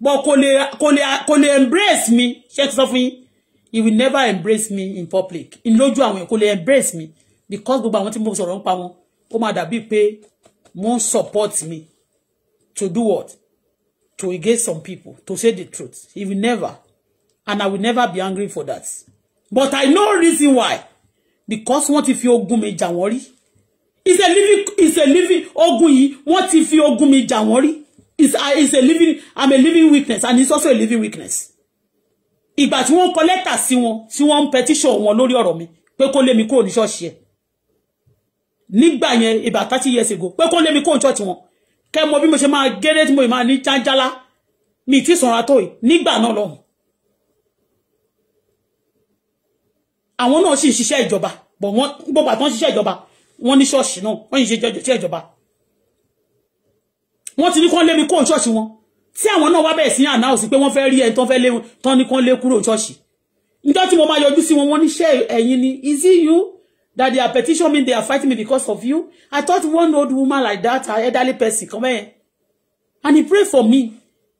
S1: but kò lè kò lè kò lè embrace me, ṣé ti sọ fún yín he will never embrace me in public in lójú àwọn yẹn kò lè embrace me because gbogbo àwọn tí mo sọ̀rọ̀ nípa wọn ó máa dàbí pé wọ́n support me to do what to engage some people to say the truth he will never and I will never be angry for that but I know reason why because wọ́n ti fi ogun mi jà wọ́n rí it's a living it's a living ogun yìí wọ́n ti fi ogun mi jà wọ́n rí is uh, a living i'm a living witness and it's also a living witness ìgbà tí wọ́n kọ lẹ́tà si wọn si wọ́n ń petition wọn lórí ọ̀rọ̀ mi pé kó lé mi kúrò ní ṣọ́ọ̀ṣì ẹ̀ nígbà yẹn ìgbà thirty years ago pé kó lé mi kúrò ní ṣọ́ọ̀ṣì wọn kẹ́ mọ̀ bí mo ṣe máa géré tí mo máa ní jáńjálá mi ti sọ̀rọ̀ àtọ́ yìí nígbà náà lọ́hùn àwọn náà sì ń ṣiṣẹ́ ìjọba bọ̀ wọ́n gbogbo àtọ́ ń ṣiṣẹ́ wọ́n ní ṣọ́ọ̀ṣì náà wọ́n yìí ṣe jẹ́ ìjọba wọ́n ti ní kán lé mi kó ṣọ́ọ̀ṣì wọn tí àwọn náà wá bẹ̀rẹ̀ sí ànáwòsí pé wọ́n fẹ́ rí ẹni tán fẹ́ lé tán ní kán lé kúrò ṣọ́ọ̀ṣì níjọ́ tí mo máa yọjú sí wọn wọ́n níṣẹ́ ẹ̀yin ni is it you that their petition mean they are fighting me because of you I thought one old woman like that her elderly person come here. and he pray for me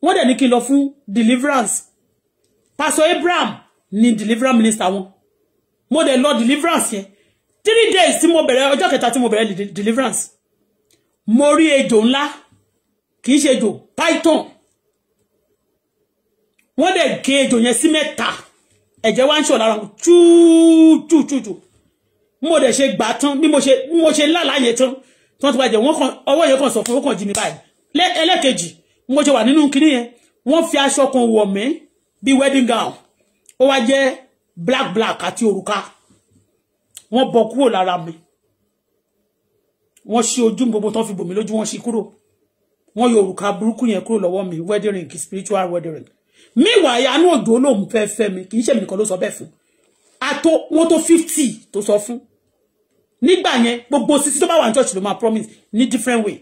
S1: wọ́n dẹ̀ ní kí n lọ fún deliverance Pastor Abraham ni deliverance minister wọn mo dẹ̀ lọ deliverance yẹn three days tí mo bẹ̀rẹ̀ ọjọ́ kẹta tí mo bẹ̀rẹ̀ deliverance mo rí ejò ńlá kì í ṣe ejò python wọ́n dẹ̀ gé ejò yẹn sí mẹ́ta ẹ̀jẹ̀ wá chu chu chu. túútúútú mo dẹ̀ ṣe gbà tán bí mo ṣe bí mo ṣe lálàá yẹn tán tí wọ́n ti bàjẹ́ wọ́n kan ọwọ́ yẹn kan sọ fún wọ́n kàn jí mi báyìí ẹlẹ́ẹ̀kejì mo ṣe wà nínú kinní yẹn wọ́n fi aṣọ kan wọ̀ mí bíi wedding gown ó wá jẹ́ black black àti òrùka wọ́n bọ́ kúrò lára mi wọ́n ṣí ojú gbogbo tán fi bòmí lójú wọ́n ṣí kúrò wọ́n yọ òrùka burúkú yẹn kúrò lọ́wọ́ mi wedding ring spiritual wedding meanwhile àánú òjò olóhùn fẹ́ fẹ́ mi kì í ṣèmi nìkan ló sọ bẹ́ẹ̀ fún àtó wọ́n tó fifty to sọ fún nígbà yẹn gbogbo sisi tó bá wà ní church ló máa promise ní different way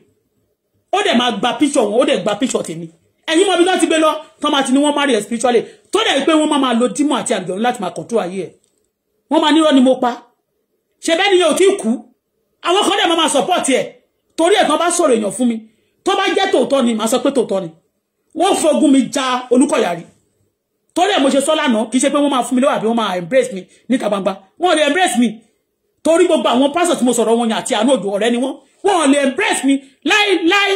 S1: ó dẹ̀ máa gba picture wọn ó dẹ̀ gba picture tèmi ẹ̀yin mọ̀ bí wọ́n ti gbé lọ tán ti ní wọ́n marry ẹ̀ spiritually tó dẹ̀ pé wọ́n máa lo dímọ̀ ati àgbẹ̀rún láti máa control ayé ẹ̀ wọ́n máa nírọ́ ni mo pa ṣe bẹ́ẹ̀ ni yóò tí kú àwọn kan dẹ̀ máa máa support ẹ̀ Tori ẹ̀ kan bá sọ̀rọ̀ èèyàn fún mi tó bá jẹ́ tòótọ́ ni màá sọ pé tòótọ́ ni wọ́n fogun mi ja Olúkọ̀yà torí ẹ̀ mo ṣe so lánàá kì í ṣe pé wọ́n máa fún mi lọ́wọ́ àbí wọ́n máa embrace mi níta gbangba wọ́n lè embrace mi torí gbogbo àwọn pásọ̀ tí mo sọ̀rọ̀ wọn yàn àti àánú òdò ọ̀rẹ́ ni wọ́n wọ́n lè embrace mi láéláé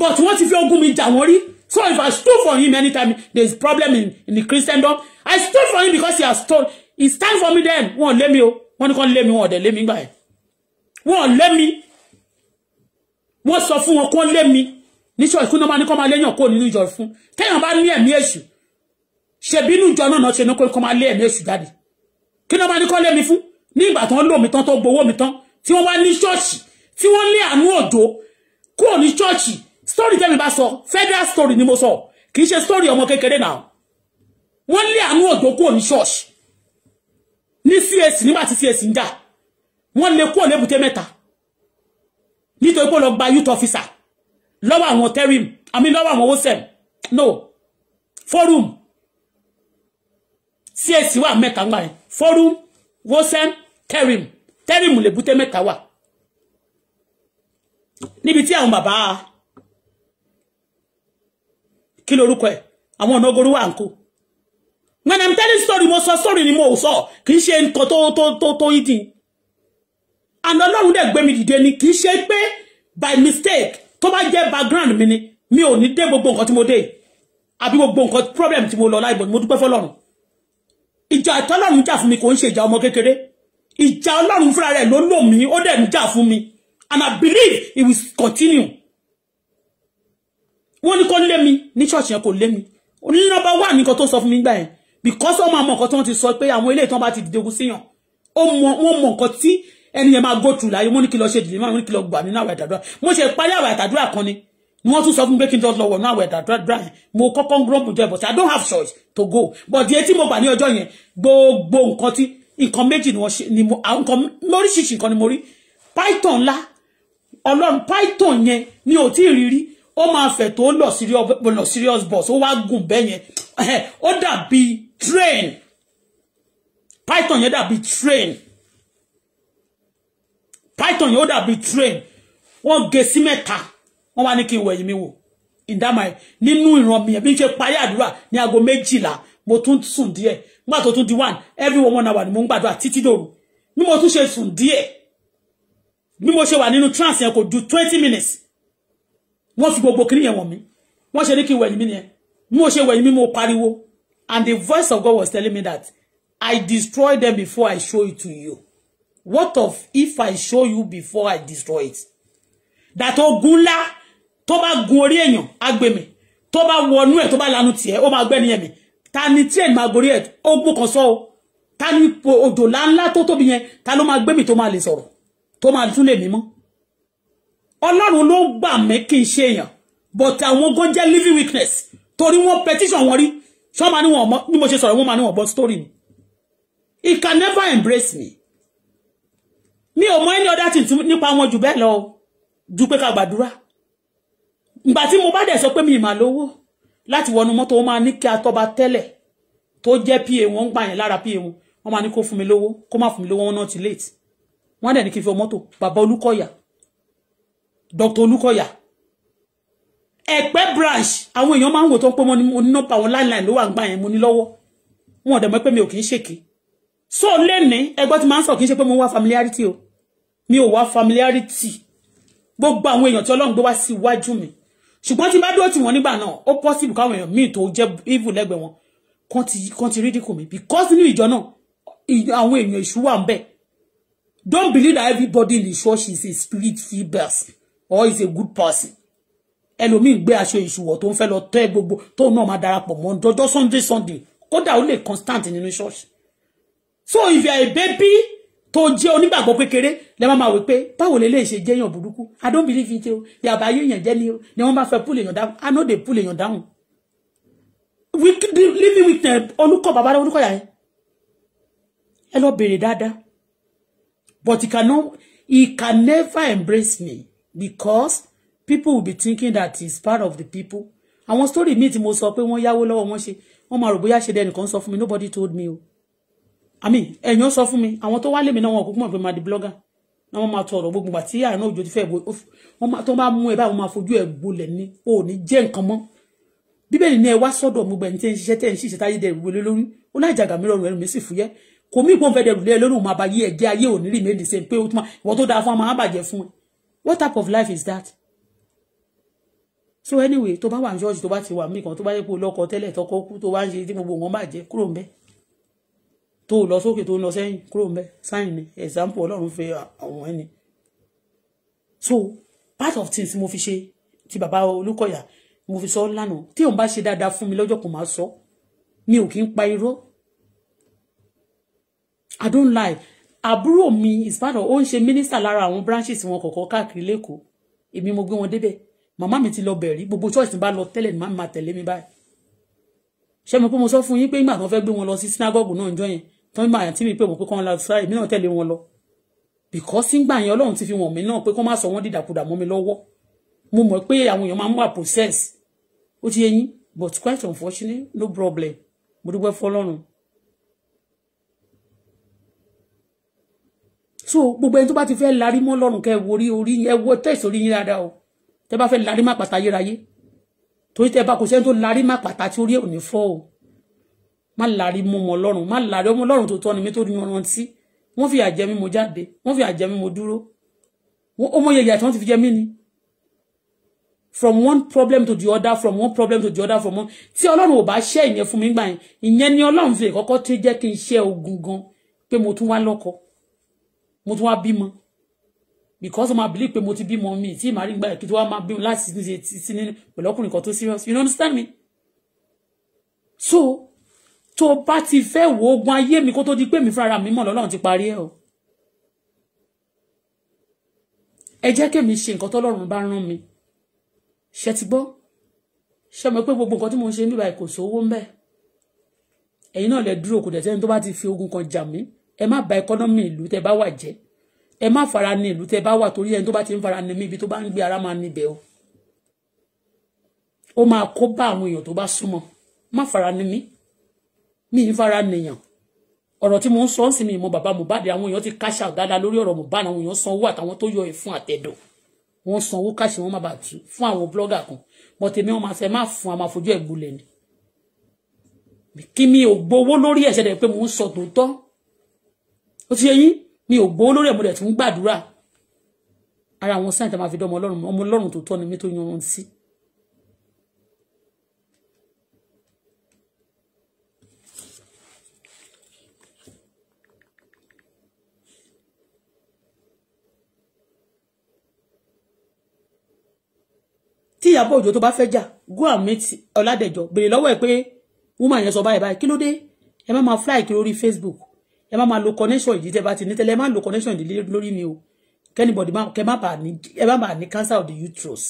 S1: but wọ́n ti fi ogun mi jà wọ́n rí so if I stood for him anytime there's problem in in the Christendom I stood for him because he has stood it's time for me then wọ́n lé mi o wọ́n ní let me mi wọ́n let me. mi gbà ẹ̀ wọ́n lé mi wọ́n sọ fún wọn kàn lé mi ní ṣọ́ọ̀ṣì kúndọ́ máa ní kàn máa léyàn kó nínú ìjọ fún téèyàn bá ní ẹ̀mí èṣù ṣèbí inú ìjọ náà ṣe ní kàn máa lé ẹ̀mí èṣù jáde kí náà máa ní kàn lé mi fún ní ìgbà tó ń lò mí tán tó gbowó mi tán tí wọ́n wá ní ṣọ́ọ̀ṣì tí wọ́n lé àánú òjò kúrò ní ṣọ́ọ̀ṣì story tẹ́mi bá sọ federal story ni mo sọ kì í ṣe story ọmọ kékeré náà wọ́n lé àánú òjò kúrò ní ṣọ́ọ̀ṣì ní CAC nígbà tí CAC ń jà wọ́n lè kúrò lébùté mẹ́ta nítorí pé ó lọ gba youth officer lọ́wọ́ àwọn terim àmì lọ́wọ́ àwọn osem no forum CS wà mẹ́ta ń forum osem terim terim lébùté mẹ́ta wà níbi tí àwọn bàbá kí lorúkọ ẹ̀ àwọn ọ̀nà ogoro wà ń kó when i'm telling story mo sọ story ni mo sọ kì í ṣe nǹkan tó tó to tó yìí dín and ọlọ́run dẹ̀ gbé mi dìde ni kì í ṣe pé by mistake tó bá jẹ́ background mi ni mi ò ní dé gbogbo nǹkan tí mo dé àbí gbogbo nǹkan problem tí mo lọ láìbọ̀ mo dúpẹ́ fọlọ́run ìjà tọ́lọ́run jà fún mi kò ń ṣe ìjà ọmọ kékeré ìjà ọlọ́run fúnra rẹ̀ ló lò mí ó dẹ̀ ń jà fún mi and i believe it will continue wọ́n ní kó lé mi ní ṣọ́ọ̀ṣì yẹn kò lé mi onínàbà wà nìkan tó sọ fún mi gbà yẹn because ọmọ àmọ nǹkan tó ń ti sọ pé àwọn eléyìí tó ń bá ti dìdegun síyàn wọ́n mọ nǹkan tí ẹni yẹn máa go through láyé wọ́n ní kí lọ ṣe dìlímọ àwọn ní kí lọ gbà nínú àwẹ̀ àdàdúrà mo ṣe parí àwẹ̀ àdàdúrà kan ni ni wọ́n tún sọ fún pé kí n lọ wọ̀ nínú àwẹ̀ àdàdúrà mo kọ́kọ́ ń gbọ́n bùjọ but I don't have choice to go but the etí mo gbà ní ọjọ́ yẹn gbogbo nǹkan tí nǹkan méjì ni wọ́n ṣe ni mo nǹkan lóríṣiríṣi nǹkan ni mo rí python ńlá ọlọ́run python yẹn ni ò tí ì rírí ó máa fẹ̀ tó lọ serious bus ó wá gùn bẹ́ẹ̀ yẹn ó dàbí train python yẹn dàbí train python yẹn ó dàbí train wọ́n gé sí mẹ́ta wọ́n wá ní kí n wẹ̀yìn mi wò ìdámà ẹ̀ nínú ìran mi ẹ̀bí ń ṣe parí àdúrà ní aago méjìlá mo tún sùn díẹ̀ nígbà tó tún di one every one hour ni mo ń gbàdúrà títí dòru bí mo tún ṣe sùn díẹ̀ bí mo ṣe wà nínú trance yẹn kò ju twenty minutes wọ́n fi gbogbo kiri yẹn wọ̀n mi wọ́n ṣe ní kí n wẹ̀yìn mi nìyẹn bí mo ṣe wẹ̀yìn mi mo pariwo And the voice of God was telling me that I destroy them before I show it to you. What of if I show you before I destroy it? That Ogula toba tó bá gun orí èèyàn á gbé mi tó bá wọnú ẹ̀ tó bá lanu tiẹ̀ ma máa gbẹ́ níyẹn mi ta ni tí ẹ̀ máa gorí ẹ̀ ogun kan sọ o ta ni odò ńláńlá tó tóbi ta ló máa gbé mi tó máa lè sọ̀rọ̀ tó máa tún lè mí mọ́ ọlọ́run ló gbà mí kí n ṣe èèyàn but àwọn gan jẹ́ living witness torí wọ́n petition wọn rí so ma ni wọ́n mọ̀ bí mo ṣe sọ̀rọ̀ wọ́n ma ni wọ́n story mi he can never embrace me Me or any other thing nípa wọn jù bẹ́ẹ̀ lọ jù pé ká gbàdúrà ìgbà tí mo bá dẹ̀ sọ pé mi ma lówó láti wọnú mọ́tò ó ma ní kí atọ́ba tẹ́lẹ̀ tó jẹ́ pa wọn ń gbà yẹn lára pa wọn wọ́n ma ní kó fún mi lówó kó má fún mi lówó wọn náà late wọ́n dẹ̀ ní kí n fi mọ́tò bàbá Olúkọ̀yà Dr Olúkọ̀yà ẹ̀pẹ́ branch àwọn èèyàn máa ń wò tó ń pé mo ní nọ́pà wọn láìláì ló wà ń gbà yẹn mo ní lọ́wọ́ wọn ò dẹ̀ mọ́ pé mi ò kì í ṣèké so lẹ́ni ẹgbọ́n ti máa ń sọ kì í ṣe pé mo wá familiarity o mi ò wá familiarity gbogbo àwọn èèyàn tí ọlọ́run gbé wá sí iwájú mi ṣùgbọ́n tí bá dúró tì wọ́n nígbà náà ó possible káwọn èèyàn míì tó jẹ́ evil lẹ́gbẹ̀ẹ́ wọn kan ti kan ti ridicule mi because nínú ìjọ náà àwọn èèyàn ìṣú wà ń bẹ̀ don't believe that everybody in the church is a spirit feeble or is a good person ẹlòmíín gbé aṣọ ìṣùwọ̀ tó ń fẹ́ lọ tẹ́ gbogbo tóun náà máa darapọ̀ mọ́ dọjọ́ sunday sunday kódà ó lè constant nínú ṣọ́ọ̀ṣì so if you are a baby tó jẹ́ onígbàgbọ́ kékeré lẹ́ máa wí pé báwo lè lè ṣe jẹ́yàn burúkú i don't believe in you ní àbáyé èèyàn jẹ́ ni o ni wọ́n bá fẹ́ pull èèyàn down i no dey pull èèyàn down we living with olùkọ́ bàbá rẹ olùkọ́ yà yẹn ẹ lọ bèrè dáadáa but he can, no, he can never embrace me because people will be thinking that he's part of the people àwọn story míì tí mo sọ pé wọ́n yáwó lọ́wọ́ wọn ṣe wọ́n máa rò bóyá ṣe dẹnìkan sọ fún mi nobody told me o i mean ẹ̀yàn sọ fún mi àwọn tó wá lèmi náà wọn kúkú mọ̀ pé máa di blogger náà wọ́n máa tọ ọ̀rọ̀ gbogbo àti àrùn òjò ti fẹ́ tó bá mú ẹ báyìí wọ́n máa fojú ẹ̀ gbolẹ̀ ní o ò ní jẹ́ nǹkan mọ́ bíbélì ní ẹ wá sọ́dọ̀ mo gbẹ̀yìn tí ẹ ń ṣiṣẹ́ tẹ́ ń ṣiṣẹ́ táyé dẹ̀rù wọlé lórí ó láì jàgà mi rọrùn what type of life is that so anyway tó bá wà ní ṣọ́ọ̀ṣì tó bá ti wà mí kan tó bá yẹ pé olọ́kọ tẹ́lẹ̀ tọkọ kú tó bá ń ṣe tí gbogbo wọn bàjẹ́ kúrò ń bẹ́ tó lọ sókè tó ń lọ sẹ́yìn kúrò ń sáyìn ni example ọlọ́run fẹ́ àwọn ẹni so part of things mo fi ṣe ti bàbá olúkọ̀yà mo fi sọ ọ́ lánàá tí òun bá ṣe dáadáa fún mi lọ́jọ́ kan máa sọ mi ò kí ń pa irọ́ i don't lie àbúrò mi is part of ó ń ṣe minister lára àwọn branches wọn kọ̀ọ̀kan káàkiri lẹ́kọ̀ọ́ èmi mo gbé wọn débẹ̀ màmá mi ti lọ bẹ̀rí gbogbo church ti bá lọ tẹ́lẹ̀ ni màmá mi máa tẹ̀lé mi báyìí ṣé mo pé mo sọ fún yín pé nígbà tí wọ́n fẹ́ gbé wọn lọ sí sinagogue náà jọ yẹn tó ń bá àyàntí mi pé mo pé kọ́ wọn lọ sára èmi náà tẹ̀lé wọn lọ because ńgbà yẹn ọlọ́run ti fi wọ̀n mí náà pé kọ́ má sọ wọ́n dìdàkudà mọ́ mi lọ́wọ́ mo mọ̀ pé àwọn èèyàn máa ń wà process ó ti yé but quite unfortunately no problem mo dúpẹ́ fọlọ́run so gbogbo ẹni tó bá ti fẹ́ larí mọ́ lọ́rùn kẹ́ ẹ wo orí orí ẹ wo tẹ̀sí orí yín dáadáa o tẹ́ bá fẹ́ larí má pàtà ayérayé torí tẹ́ bá kò sẹ́ni tó larí má pàtà tí orí ẹ̀ ò ní fọ́ o má larí mú ọmọ ọlọ́run má larí ọmọ ọlọ́run tó tọ́ ni mi tó ní ọ̀ràn tí wọ́n fi àjẹmí mo jáde wọ́n fi àjẹmí mo dúró ọmọ yẹ̀yà tí wọ́n ti fi jẹ mí ni from one problem to the other from one problem to the other from one tí ọlọ́run ò bá ṣe ìyẹn fún mi gbà yẹn ìyẹn ni ọlọ́run fi ìkọ́kọ́ tí jẹ́ kí n ṣe ogun gan pé mo tún wá lọ́kọ mo tún wá bímọ because ọmọ abili pé mo ti bímọ mi tí màá rí gbà kí tó wá máa bímọ láti ní ti ní pẹ̀lú ọkùnrin kan tó serious you understand me so to bá ti fẹ́ wo ogun ayé mi kó tó di pé mi fúnra mi mọ̀ lọ́lọ́run ti parí ẹ̀ o ẹ jẹ́ kémi ṣe nǹkan tọ́lọ́run bá rán mi ṣe ti gbọ́ ṣe mọ̀ pé gbogbo nǹkan tí mo ń ṣe níbàá kò sówó ń bẹ̀ ẹ̀yin náà lè dúró kò dẹ̀ sẹ́ni tó bá ti fi ogun kan jà mí ẹ má bà ẹkọ́nọ́mì ìlú tẹ́ bá wà jẹ́ ẹ má fara ní ìlú tẹ bá wà torí ẹni tó bá ti ń fara ní mi ibi tó bá ń gbé ara máa níbẹ̀ o ó máa kó bá àwọn èèyàn tó bá súnmọ́ má fara ní mi mi ń fara nìyàn ọ̀rọ̀ tí mo ń sọ ń sin ìmọ̀ bàbá Mohbad àwọn èèyàn ti káṣà dáadáa lórí ọ̀rọ̀ Mohbad àwọn èèyàn sanwó àtàwọn tó yọ ẹ̀ fún àtẹ̀dọ̀ wọ́n sanwó káṣì wọ́n má bàa tú fún àwọn blọ́gà kan bọ́ tèmi wọn máa fẹ́ má fún àwọn afojú ẹ̀ gbolẹ̀ ni kí mi ò gbowó lórí ẹ̀ṣẹ̀ rẹ̀ pé mo ń sọ tòótọ́ ó ti yẹ yín mi ò gbowó lórí ẹ̀ mo dẹ̀ tún gbàdúrà ara àwọn sáyẹn máa fi dán ọmọ ọlọ́run ọmọ ọlọ́run tó tọ́ ni mi tó yan sí. tí Ìyábọ̀ Òjó tó bá fẹ́ jà go and meet Ọládẹ̀jọ béèrè lọ́wọ́ ẹ̀ pé woman yẹn sọ báyìí báyìí kí ló dé ẹ má máa fly kiri orí Facebook ẹ má máa lo connection ìdí tẹ́ bá ti ní tẹ́lẹ̀ ẹ má lo connection ìdí lórí mi o kẹ́nìbọ̀dì má kẹ́ má bà ní ẹ má bà ní cancer of the uterus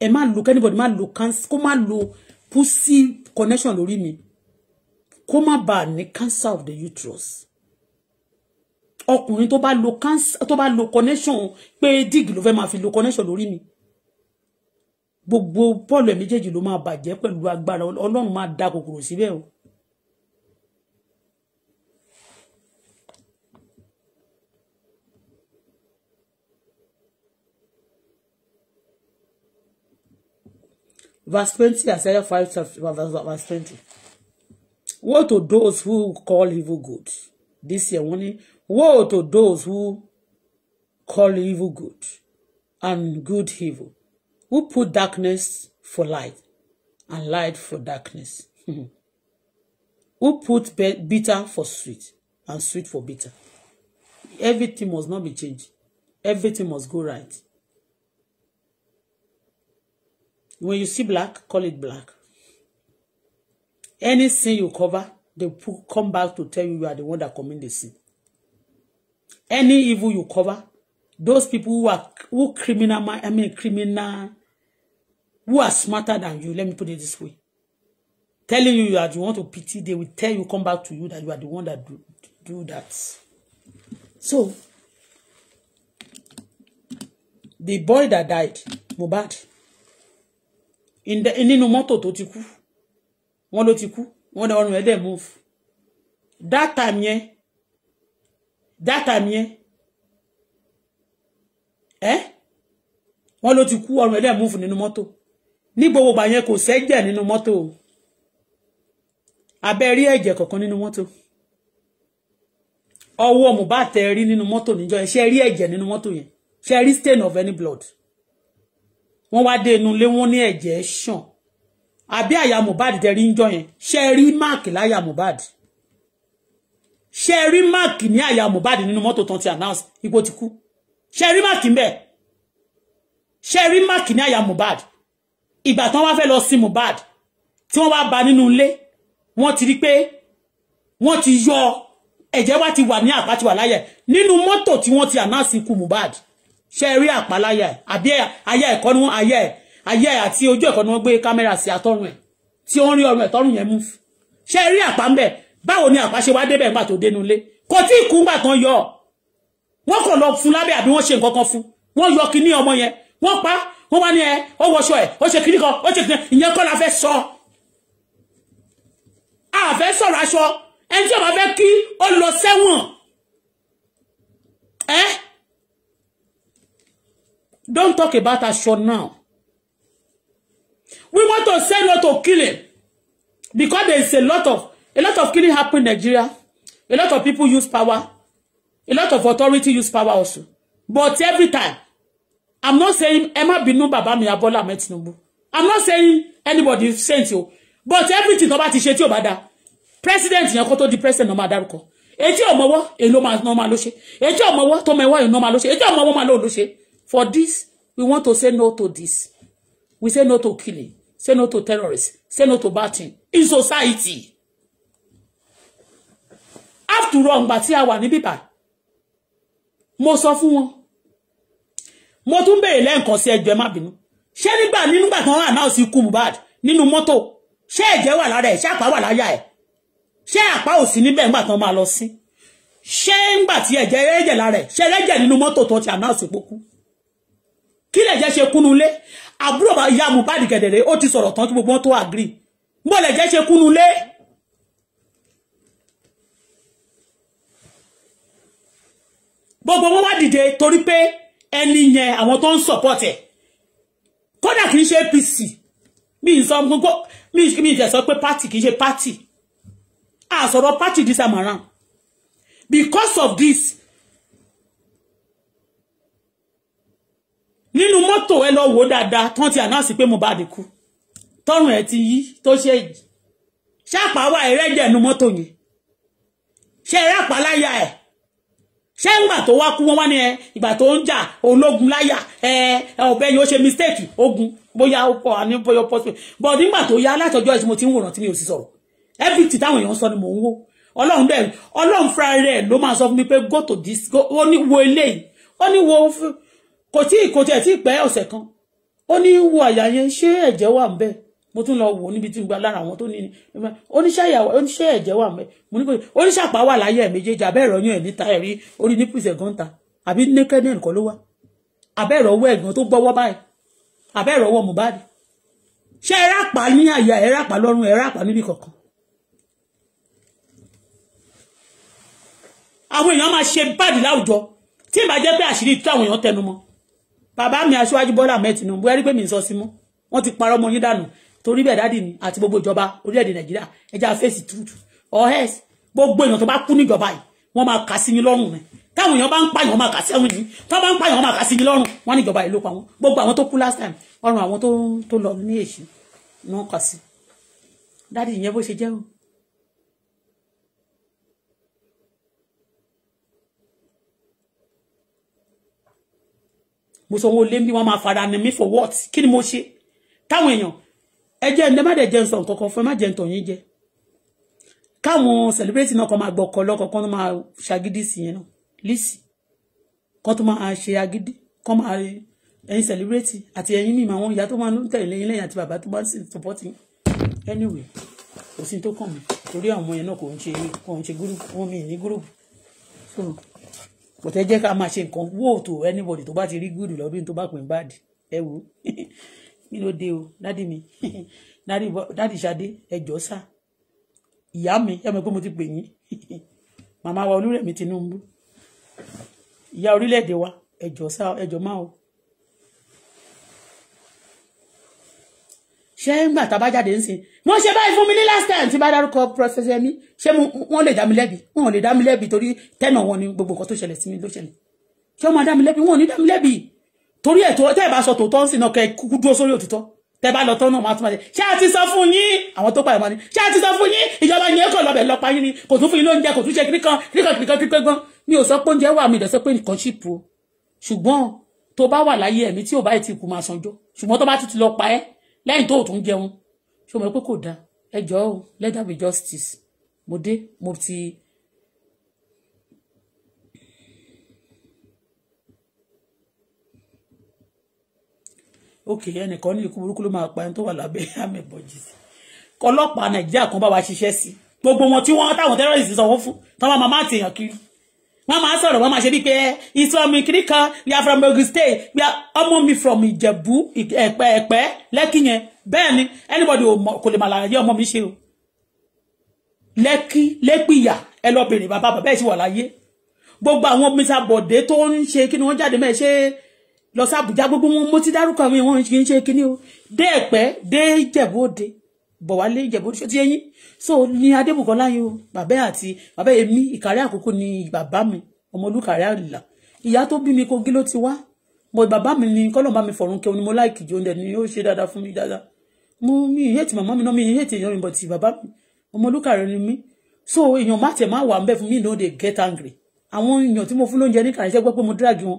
S1: ẹ má lo kẹ́nìbọ̀dì má lo cancer kó má lo pussy connection lórí mi kó má bà ní cancer of the uterus ọkùnrin tó bá lo cancer tó bá lo connection pé dig ló fẹ́ máa fi lo connection lórí mi gbogbo bọ́ọ̀lù méjèèjì ló máa bàjẹ́ pẹ̀lú agbára ọlọ́run máa da kòkòrò síbẹ̀ o. verse twenty, Isaiah five, verse twenty. woe to those who call evil good this year wọ́n ní woe to those who call evil good and good evil who put darkness for light and light for darkness, who put bitter for sweet and sweet for bitter. Everything must not be changed. Everything must go right. When you see black, call it black. Any sin you cover, they come back to tell you you are the one that commit the sin. Any evil you cover, those people who are who criminal, I mean criminal who are smarter than you let me put it this way telling you that you want to pity they will tell you come back to you that you are the one that do, do that so the boy that died Mohbad in the in the tó ti kú one ló ti one wọ́n ní ọrùn move that time yẹn that time yẹn ẹ́ eh? wọ́n ló ti kú ọrùn ẹ̀ dẹ̀ move nínú mọ́tò ní gbogbo ìgbà yẹn kò sẹ́jẹ̀ nínú mọ́tò abẹ́ rí ẹ̀jẹ̀ kankan nínú mọ́tò ọwọ́ Mohbad tẹ rí nínú mọ́tò níjọ́ yẹn rí ẹ̀jẹ̀ nínú mọ́tò yẹn ṣe rí stain of any blood wọ́n wá dé inú ilé wọ́n ní ẹ̀jẹ̀ ṣàn àbí àyà Mohbad tẹ rí níjọ́ yẹn ṣe rí mark láyà Mohbad ṣe rí mark ní àyà Mohbad nínú mọ́tò tán ti announce ipò ti kú ṣe rí mark ń bẹ̀ ṣe rí mark ní àyà Mohbad ìgbà tí wọ́n wá fẹ́ lọ sin Mohbad tí wọ́n wá bá nínú ilé wọ́n ti rí pé wọ́n ti yọ ẹ̀jẹ̀ wá ti wà ní àpá ti wà láyà nínú mọ́tò tí wọ́n ti ànáàsì ikú Mohbad ṣe rí àpá láyà ẹ̀ àbí àyà ẹ̀kọ́ ni wọ́n àyà ẹ̀ àyà ẹ̀ àti ojú ẹ̀kọ́ ni wọ́n gbé kámẹ́rà sí àtọ́rùn ẹ̀ tí wọ́n rí ọrùn ẹ̀tọ́rùn yẹn mú ṣe rí àpá ń bẹ̀ báwo ni àpá ṣe wá débẹ̀ nígbà tó dénú ilé kò tí ì kú ńgbà tán yọ wọ́n kò lọ fún lábẹ́ àbí wọ́n ṣe nǹkan kan fún wọ́n yọ kinní ọmọ yẹn wọ́n pa wọ́n wá ní ẹ ó wọṣọ ẹ ó ṣe kíní kan ó ṣe kíní ìyẹn kọ́ la fẹ́ sọ a fẹ́ sọ̀rọ̀ aṣọ ẹni tí ọba fẹ́ kí ó lọ sẹ́wọ̀n ẹ don't talk about aṣọ now we want to send her of killing because there is a lot of a lot of killing happen in Nigeria a lot of people use power a lot of authority use power also but every time I'm not saying Emma binu bínú bàbá mi Abọ́lá Ahmed Tinubu. I'm not saying anybody sent you. But everything tó bá ti ṣe tí ò bá dáa. President yẹn kó tó di president náà máa dárúkọ. Etí ọ̀mọ́wọ́ èló máa ló ṣe. Etí ọ̀mọ́wọ́ tọmọ ẹwà èló máa ló ṣe. Etí ọ̀mọ́wọ́ máa ló ṣe. For this, we want to say no to this. We say no to killing. Say no to terrorists. Say no to batting. In society. After all, ngbà tí a wà ní bíbá, mo sọ fún wọn mo tún béèrè lẹ́ǹkan sí ẹjọ́ ẹ má bínú ṣé nígbà nígbà kan wà náà sí ikú Mohbad nínú mọ́tò ṣé ẹ̀jẹ̀ wà lára ẹ̀ ṣé àpá wà láyà ẹ̀ ṣé àpá ò sí níbẹ̀ nígbà kan máa lọ sí ṣé nígbà tí ẹ̀jẹ̀ ẹ̀jẹ̀ lára ẹ̀ ṣé ẹ̀jẹ̀ nínú mọ́tò tó ti ànáàsì pókú kí lẹ̀jẹ̀ ṣe kúnú lé àbúrò bá ya Mohbad gẹ̀dẹ̀rẹ̀ ó ti sọ̀rọ̀ tán kí gbogbo wọn tó mo lẹ̀jẹ̀ ṣe kúnú lé gbogbo wọn wá dìde torí pé ẹni yẹn àwọn tó ń support ẹ̀ kódà kì í ṣe APC mi sọ gbogbo mi mi ìjẹ́ sọ pé party kì í ṣe party a sọ̀rọ̀ party this time around because of this nínú mọ́tò ẹ lọ wò dáadáa tán ti ànáàsì pé Mohbad kú tọrùn ẹ ti yí tó ṣe ṣàpàwà ẹrẹ́jẹ̀ nu mọ́tò yẹn ṣe ẹrẹ́ àpáláyà ẹ̀ ṣé ńgbà tó wá kú wọn wá ní ẹ ìgbà tó ń jà ológun láyà ẹ ọbẹ yìí ó ṣe mistake ogun bóyá ó pọ àní bóyá possible but nígbà tó yá látọjọ́ ẹsùn mo ti ń wòran tí mi ò sì sọ̀rọ̀ everything táwọn èèyàn sọ ni mò ń wò Ọlọ́run bẹ́ẹ̀ Ọlọ́run fúnra rẹ̀ ló máa sọ fún mi pé go to this ó ní wo eléyìí ó ní wo kò tí kò tí ẹ tí pẹ́ ọ̀sẹ̀ kan ó ní wo àyà yẹn ṣé ẹ̀jẹ̀ wà ń bẹ́ẹ̀ mo tún lọ wò níbi tí n gba lára àwọn tó ní oníṣẹ́ ìyàwó oníṣẹ́ ẹ̀jẹ̀ wà mẹ́ mo ní kò oníṣẹ́ àpá wà láyé ẹ̀ méjèèjì abẹ́ ẹ̀rọ yàn ẹ̀ níta ẹ̀rí orí ní pìsẹ̀ gan ta àbí nẹ́kẹ́ náà nìkan ló wá abẹ́ ẹ̀rọ ọwọ́ ẹ̀gbọ́n tó gbọ́wọ́ báyìí abẹ́ ẹ̀rọ ọwọ́ Mohbad ṣé ẹ̀rá àpá ní àyà ẹ̀rá àpá lọ́rùn ẹ̀rá àpá níbi kankan àwọn èèyàn máa ṣe báàdì láwùjọ tí ìbá jẹ́ pé àṣírí tú àwọn èèyàn tẹnu mọ́ bàbá mi aṣíwájú Bọ́lá mẹ́tìnú bóyá rí pé mi ń sọ sí mọ́ wọ́n ti parọ́ mọ́ yín dànù torí bẹ́ẹ̀ dáàdì mi àti gbogbo ìjọba orílẹ̀-èdè nàìjíríà ẹja fèsì tútù ọ̀hẹ́s gbogbo èèyàn tó bá kú níjọba yìí wọ́n máa kà sí yín lọ́rùn ni táwọn èèyàn bá ń pààyàn máa kà sí ẹ̀wọ̀n yìí tó bá ń pààyàn máa kà sí yín lọ́rùn wọ́n níjọba yìí ló pa wọn gbogbo àwọn tó kú last time ọrùn àwọn tó lọ ní èṣù ni wọ́n kà sí dáàdì ìyẹn bó ṣe jẹ́ o mo sọ wọn ò lé mi wọn máa fara ni mi for what kí ni mo ṣe táwọn èèyàn ẹ jẹ́ ẹ má dẹ̀ jẹun sọ nǹkan kan fún ẹ má jẹun tọ̀yìn jẹ káwọn celebrate náà kan máa gbọ́ ọkọ̀ lọ́kọ̀ kan tó máa ṣàgídí sí yẹn náà lísì kan tó máa ṣe agídí kan máa ẹyin celebrate àti ẹyin mímọ àwọn ìyá tó máa ń tẹ̀lé yín lẹ́yìn àti bàbá tó máa ń support yín anyway kò sí tó kàn mí torí àwọn yẹn náà kò ń ṣe kò ń ṣe gúrùpù wọn mi ní gúrùpù so kò tẹ́ jẹ́ ká máa ṣe nǹkan wó anybody tó bá ti rí gúrù lọ́dún tó bá pè ń báàdì ẹ wò ó mi ló dé o dádì mi dádì Ṣadé ẹjọ́ sá ìyá mi ẹ mọ̀ pé mo ti pè yín màmá wa Olúrẹ̀mí Tinubu ìyá orílẹ̀-èdè wa ẹjọ́ sá ẹjọ́ máa o. ṣé ńgbà tá a bá jáde ńsìn wọn ṣe báyìí fún mi ní last time tí bá dárúkọ prọfẹsẹ mi ṣé wọn lè dá mi lẹ́bi wọn ò lè dá mi lẹ́bi torí tẹnà wọn ni gbogbo nǹkan tó ṣẹlẹ̀ sí mi ló ṣẹlẹ̀ ṣé wọn máa dá mi lẹ́bi wọn ò ní dá mi lẹ́bi torí ẹ̀ tó tẹ́ ẹ̀ bá sọ tòótọ́ ń sìn náà kẹ́ ẹ kúkú dúró sórí òtítọ́ tẹ́ bá lọ tán náà máa tún máa ṣe ṣé a ti sọ fún yín àwọn tó pààyàn máa ní ṣé a ti sọ fún yín ìjọba yẹn kò lọ́bẹ̀ lọ́pa yín ni kò tún fún yín lóúnjẹ kò tún ṣe kíríkan kíríkan kíríkan kíríkan gbọ́n mi ò sọ pé oúnjẹ wà mi ìdọ̀sẹ́ pé nìkan ṣìpù o ṣùgbọ́n tó bá wà láyé ẹ̀mí tí ò bá ti kú máa sanjọ́ ṣùgbọ́n tó bá ti ti lọ pa ẹ́ lẹ́yìn tó tún jẹun ṣé o mọ̀ pé kò dáa ẹ jọ̀ọ́ o let there be justice mo dé mo ti òkè ẹnìkan ní ikú burúkú ló máa pa ẹni tó wà lábẹ́ àmì ìbọ̀jì sí ọlọ́pàá nàìjíríà kan bá wa ṣiṣẹ́ sí gbogbo wọn tí wọ́n táwọn terrorist sanwó fún tán máa máa tèèyàn kiri wọ́n máa sọ̀rọ̀ wọ́n máa ṣe bíi pé eh, islamic nìkan we are from Ogun State we are ọmọ mi from Ìjẹ̀bú Ẹ̀pẹ́ Ẹ̀pẹ́ Lẹ́kì yẹn bẹ́ẹ̀ ni anybody kò lè màlà yé ọmọ mi ṣe o Lẹ́kì lẹ́pìyà ẹ lọ bèrè bàbá bàbá ẹ̀ sì wà láyé gbogbo àwọn mísà bọ̀dé tó ń ṣe kí ni wọ́n jáde mẹ́ẹ̀ ṣe lọ sí Àbújá gbogbo wọn mo ti dárúkọ àwọn èèyàn kì í ṣe kinní o dé Ẹ̀pẹ́ dé Ìjẹ̀bú Òde Bọ̀wálé Ìjẹ̀bú Òde ṣọtí so ni Adébùkọ́lá yìí o bàbá àti bàbá èmi Ìkàrẹ́ Àkókò ni bàbá mi Ọmọolúkàrẹ́ Àlà ìyá tó bí mi Kogi ló ti wá mo bàbá mi ni kọ́lọ̀ bá mi fọ̀run kẹun ni mo láìkì jọ ndẹ̀ ni ó ṣe dáadáa fún mi dáadáa mo mi hate màmá mi náà mi hate èèyàn mi but bàbá mi Ọmọolúkàrẹ́ ni mi so èèyàn má tẹ̀ má wà ń bẹ́ fún mi no dey get angry àwọn èèyàn tí mo fún lóúnjẹ ní kàrẹ́sẹ́ gbọ́ pé mo drag wọn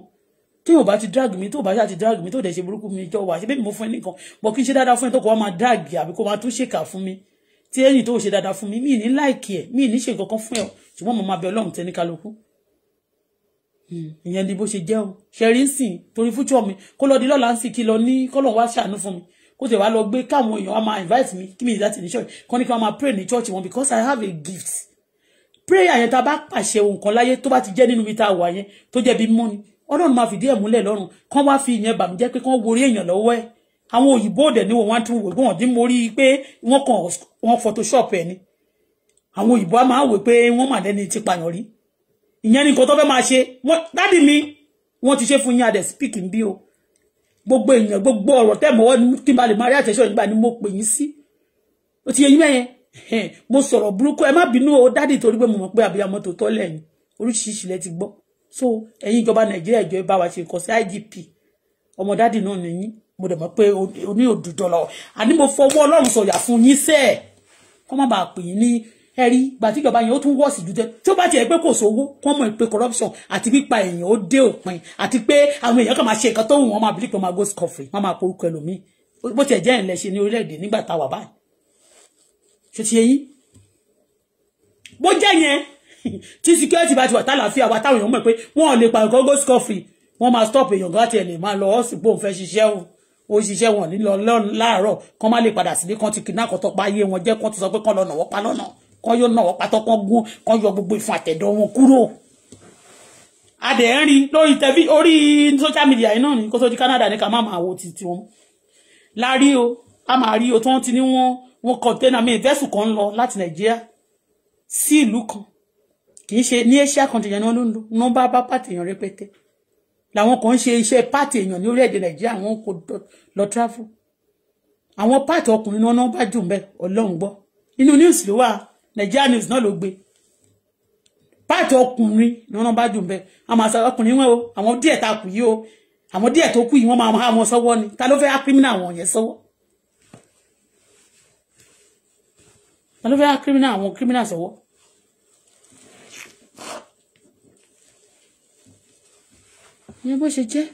S1: tí yóò bá ti drag mi tó bá ṣáà ti drag mi tó dẹ̀ ṣe burúkú mi jọ wà ṣe bẹ́ẹ̀ mo fún ẹ nìkan bọ̀ kí n ṣe dáadáa fún ẹ tó kọ́ máa drag àbí kó máa tún ṣèkà fún mi tí ẹ̀yìn tó ṣe dáadáa fún mi mi ní láìkì ẹ̀ mi ní ṣe kankan fún ẹ o ṣùgbọ́n mo máa bẹ ọlọ́run tẹni kálukú hmm, ìyẹn ni bó ṣe jẹ́ o ṣẹ̀rí ń sìn torí fújọ́ mi kó lọ di lọ́la ń sìn kí lọ ní kọ́lọ́n wá ṣàánú fún mi kó tẹ̀ wá lọ gbé káwọn èèyàn á máa invite mi kí mi ì láti ní church kan ní pray ní church because I have a gift prayer yẹn tá a bá pàṣẹ ohun kan láyé tó bá ti jẹ́ nínú ibi tá a wà ọlọ́run máa fìdí ẹ̀ múlẹ̀ lọ́rùn kán wá fi ìyẹn bàmíjẹ́ pé kán worí èèyàn lọ́wọ́ ẹ̀ àwọn òyìnbó òdẹ̀ ni wọ́n wá tún wò pé wọ́n dín mórí pé wọ́n kàn wọ́n photoshop ẹ̀ ni àwọn òyìnbó á máa wò pé wọ́n mà lẹ́ni ti pààyàn rí ìyẹn ni nǹkan tó fẹ́ máa ṣe dádì mi wọ́n ti ṣe fún yín adẹ̀ speak bí o gbogbo èèyàn gbogbo ọ̀rọ̀ tẹ́ mọ́wọ́ kí n bá lè máa rí àtẹ̀ṣọ́ nígbà ni mo pè yín sí ó ti yẹ yín mẹ́yẹn mo sọ̀rọ̀ burúkú o dádì torí pé mo mọ̀ pé àbíyamọ tòótọ́ lẹ́yìn so ẹ̀yin ìjọba nàìjíríà ìjọ bá wa ṣe nǹkan sí igp ọmọ dádì náà nìyí mo dẹ̀ mọ̀ pé oní òdùdọ̀ lọ àní mo fọwọ́ ọlọ́run sọ̀yà fún yín sẹ́ẹ̀ kọ́ má bàa pè yín ní ẹ̀rí gbàtíjọba yẹn ó tún wọ́ọ̀sì jù tẹ́ tí ó bá tiẹ̀ pé kò sówó kọ́ mọ̀ pé corruption àti pípa èèyàn ó dé òpin àti pé àwọn èèyàn kan máa ṣe nǹkan tó wù wọ́n máa bìlí pé wọ́n máa go scoffrey wọ́n máa porúkọ ẹlòmíì bó tiẹ̀ jẹ́ ìlẹ̀ ṣe ní orílẹ̀-èdè nígbà tá a wà báyìí ṣe ti yẹ yín bó jẹ́ yẹn tí security bá ti wà tálàáfíà wa táwọn èèyàn mọ̀ pé wọ́n ò lè pa nǹkan go scoffrey wọ́n máa stop èèyàn gan àti ẹ̀lẹ́ máa lọ ọ́ sì gbóhùn fẹ́ ṣiṣẹ́ o ó ṣiṣẹ́ wọn nílọ láàárọ̀ kán má lè padà sílé kán ti kidnap kán tọpa ayé wọn jẹ́ kán ti sọ pé kán lọ nàwọ́ pa lọ́nà kán yóò nàwọ́ pa tọ́kán gún kán yọ gbogbo ìfun àtẹ̀dọ̀ wọn kúrò. adẹ̀ ń rí lórí tẹ̀fí orí social media yìí náà ní kó tó di Canada ní ká má máa wo ti tiwọn. la rí o a máa rí o tí wọ́n ti ní wọ́n wọ́n kọ̀ńténà mi ìfẹ́sùn kan ń lọ láti Nàìjíríà sí ìlú kan kì í ṣe ní asia country yẹn ni wọ́n ló ń bá bá pàtì èèyàn rẹpẹtẹ làwọn kan ń ṣe iṣẹ́ pàtì èèyàn ní orílẹ̀-èdè nàìjíríà wọ́n kò lọ travel àwọn pàtì ọkùnrin ni wọ́n bá jù mbẹ ọlọ́run gbọ́ inú news ló wà nàìjíríà news náà ló gbé pàtì ọkùnrin ni wọ́n bá jù mbẹ àmọ́ àṣà ọkùnrin wọn o àwọn díẹ̀ ta kù yìí o àwọn díẹ̀ tó kù yìí wọ́n máa há wọn sọ́wọ́ ni ta ló fẹ́ há criminal wọn yẹn sọ́wọ́ ta ló fẹ́ há criminal àwọn criminal sọ́wọ́ ìyẹn bó ṣe jẹ́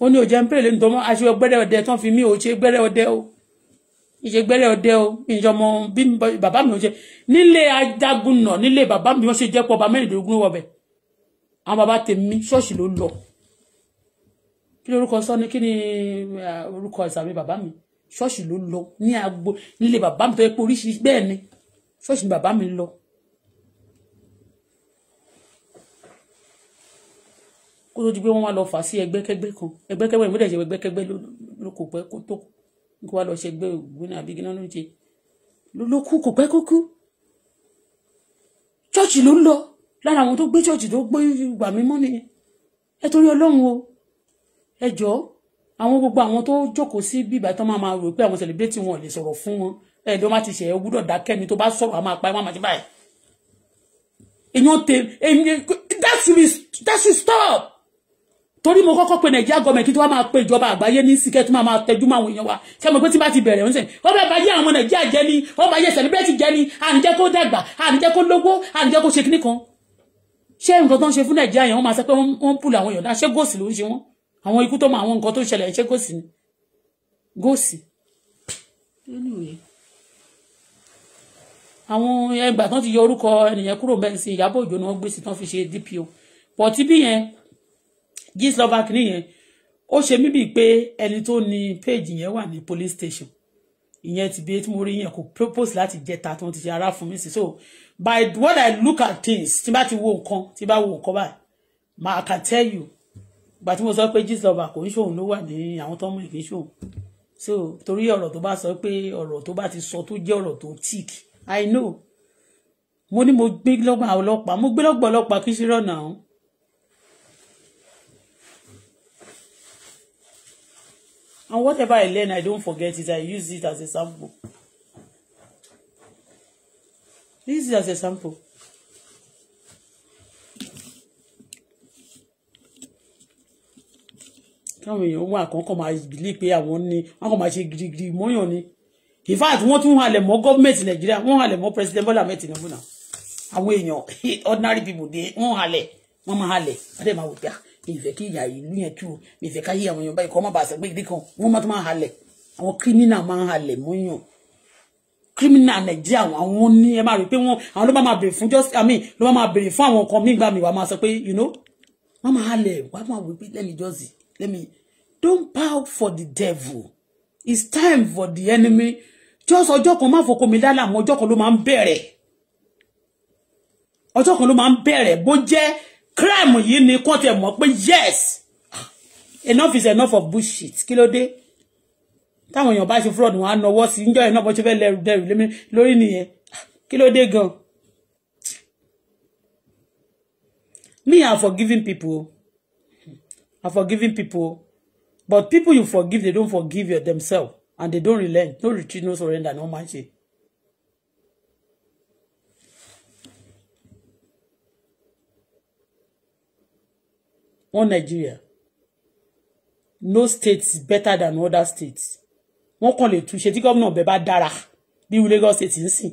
S1: ó ní òjẹ́ ń pèrè lẹ́nu tọ́mọ́ aṣọ gbẹ́rẹ́ ọdẹ tán fi mí ò ṣe gbẹ́rẹ́ ọdẹ o ìṣe gbẹ́rẹ́ ọdẹ o ìjọmọ bí bàbá mi ò ṣe nílé ajagun nà nílé bàbá mi wọ́n ṣe jẹ́ pọ̀ bá mẹ́rìndínlógún wọ̀ bẹ̀ àwọn bàbá tèmi ṣọ́ọ̀ṣì ló lọ kí ni orúkọ sọ́ni kí ni orúkọ ìsàmì bàbá mi ṣọ́ọ̀ṣì ló lọ ní agbo nílé bàbá mi tó yẹ pé oríṣiríṣi bẹ́ẹ̀ ni ṣọ́ọ̀ṣì ni bàbá mi lọ kó tó di pé wọ́n wá lọ fà sí ẹgbẹ́kẹ́gbẹ́ kan ẹgbẹ́kẹ́gbẹ́ ìmúdẹ̀ ṣe ẹgbẹ́kẹ́gbẹ́ ló kò pẹ́ kó tó kó wá lọ ṣe ẹgbẹ́ ògbóná àbí gíná ló ń ṣe ló kú kò pẹ́ kó kú chọ́ọ̀chì ló ń lọ lára àwọn tó gbé chọ́ọ̀chì tó gbé ìgbà mímọ́ nìyẹn ẹ torí ọlọ́run o ẹ jọ àwọn gbogbo àwọn tó jókòó sí bíbá tán máa máa rò pé àwọn sẹlẹbírẹ́tì wọn lè sọ̀rọ̀ fún wọn ẹ̀ẹ́dọ́ má ti ṣẹ̀ ẹ́ gbúdọ̀ dákẹ́ ni tó bá sọ̀rọ̀ àmọ́ apá ẹ̀ má èèyàn tẹ èèyàn that should be stop torí mo kọ́kọ́ pe nàìjíríà gọọmenti tó wá máa pe ìjọba àgbáyé ní síkẹ́ tó máa tẹjú máa wọn wa ṣé mo pé tí bá ti bẹ̀rẹ̀ oúnjẹ ó bẹ bá yé àwọn nàìjíríà jẹ ni ó bá yé sẹlẹbírẹ́tì jẹ ni à ń jẹ́ kó dàgbà à ń jẹ́ kó lówó à ń jẹ́ kó ṣe kíní kan ṣé nǹkan tó ń ṣe fún nàìjíríà yẹn wọ́n máa sọ pé wọ́n ń pùlù àwọn èèyàn náà ṣé gòsì ló ń ṣe wọ́n àwọn ikú tó mọ àwọn nǹkan tó ṣẹlẹ̀ ṣé gòsì ni gòsì. àwọn ẹgbà tán ti yọ orúkọ ẹnìyẹn kúrò bẹ́ẹ̀ sí Ìyábọ̀ Òjó ni gist lọ́ba kìíní yẹn ó ṣe mí bíi pé ẹni tó ní péèjì yẹn wà ní police station ìyẹn ti bí tí mo rí yẹn kò propose láti jẹta tí wọ́n ti ṣe ara fún mi sí so by what I look at things tí bá ti wo nǹkan tí bá wo nǹkan báyìí ma I can tell you ìgbà tí mo sọ pé gist lọ́ba kò ń ṣòun ló wà ní àwọn tó ń mú ìkí ṣòun so torí ọ̀rọ̀ tó bá sọ pé ọ̀rọ̀ tó bá ti sọ tó jẹ́ ọ̀rọ̀ tó tick I know mo ní mo gbé lọ́gbà ọlọ́pàá mo gbé lọ́gbà ọlọ́pàá kí ṣe rọ̀nà ọ̀hún And whatever I learn, I don't forget it. I use it as a sample. This is as a sample. Come, káwọn èèyàn come? kán believe máa bìlí pé àwọn ní wọn kàn máa ṣe money. mọ́yàn ni in fact wọ́n tún halẹ̀ mọ́ gọ́ọ̀mẹ̀ntì nàìjíríà one, halẹ̀ more president Bọ́lá Ahmed Tinubu náà I'm waiting. ordinary people they wọ́n halẹ̀ wọ́n máa halẹ̀ wọ́n dẹ̀ máa wò pé ah, mi ìfẹ́ kí ìyá ìlú yẹn tú mi ìfẹ́ káyé àwọn èèyàn báyìí kọ́ má bàa sọ pé ìdí kan wọ́n má tó máa halẹ̀ àwọn kírímínà máa ń halẹ̀ mọ́yàn kírímínà nàìjíríà àwọn ní ẹ máa rí pé wọ́n àwọn ló má máa bèrè fún just i mean ló má máa bèrè fún àwọn nǹkan míì gbà mí máa sọ pé you know wọ́n máa halẹ̀ wàá máa wí pé lẹ́mi jọ́sì lẹ́mi don't bow for the devil it's time for the enemy just ọjọ́ kan má fọkọ mi lálàmú ọjọ́ kan ló máa ń bẹ̀rẹ̀ ọjọ́ kan ló máa ń bẹ̀rẹ̀ bó jẹ́ crime yìí ni kó tiẹ̀ mọ̀ pé yes enough is enough of bullshit kí ló dé táwọn èèyàn bá ṣe fraud wọn á nawọ́ sí níjọ́ yẹn náà bó ṣe fẹ́ lẹ́rù dẹ́rù lórí nìyẹn kí ló dé gan me i'm forgiving people i'm forgiving people but people you forgive they don't forgive themselves and they don't relent no retreat no surrender no mercy. one Nigeria no state better than other states wọ́n kàn lè túnṣe tí gómìnà bẹ́ẹ̀ bá dára bí wí Lagos state ń sìn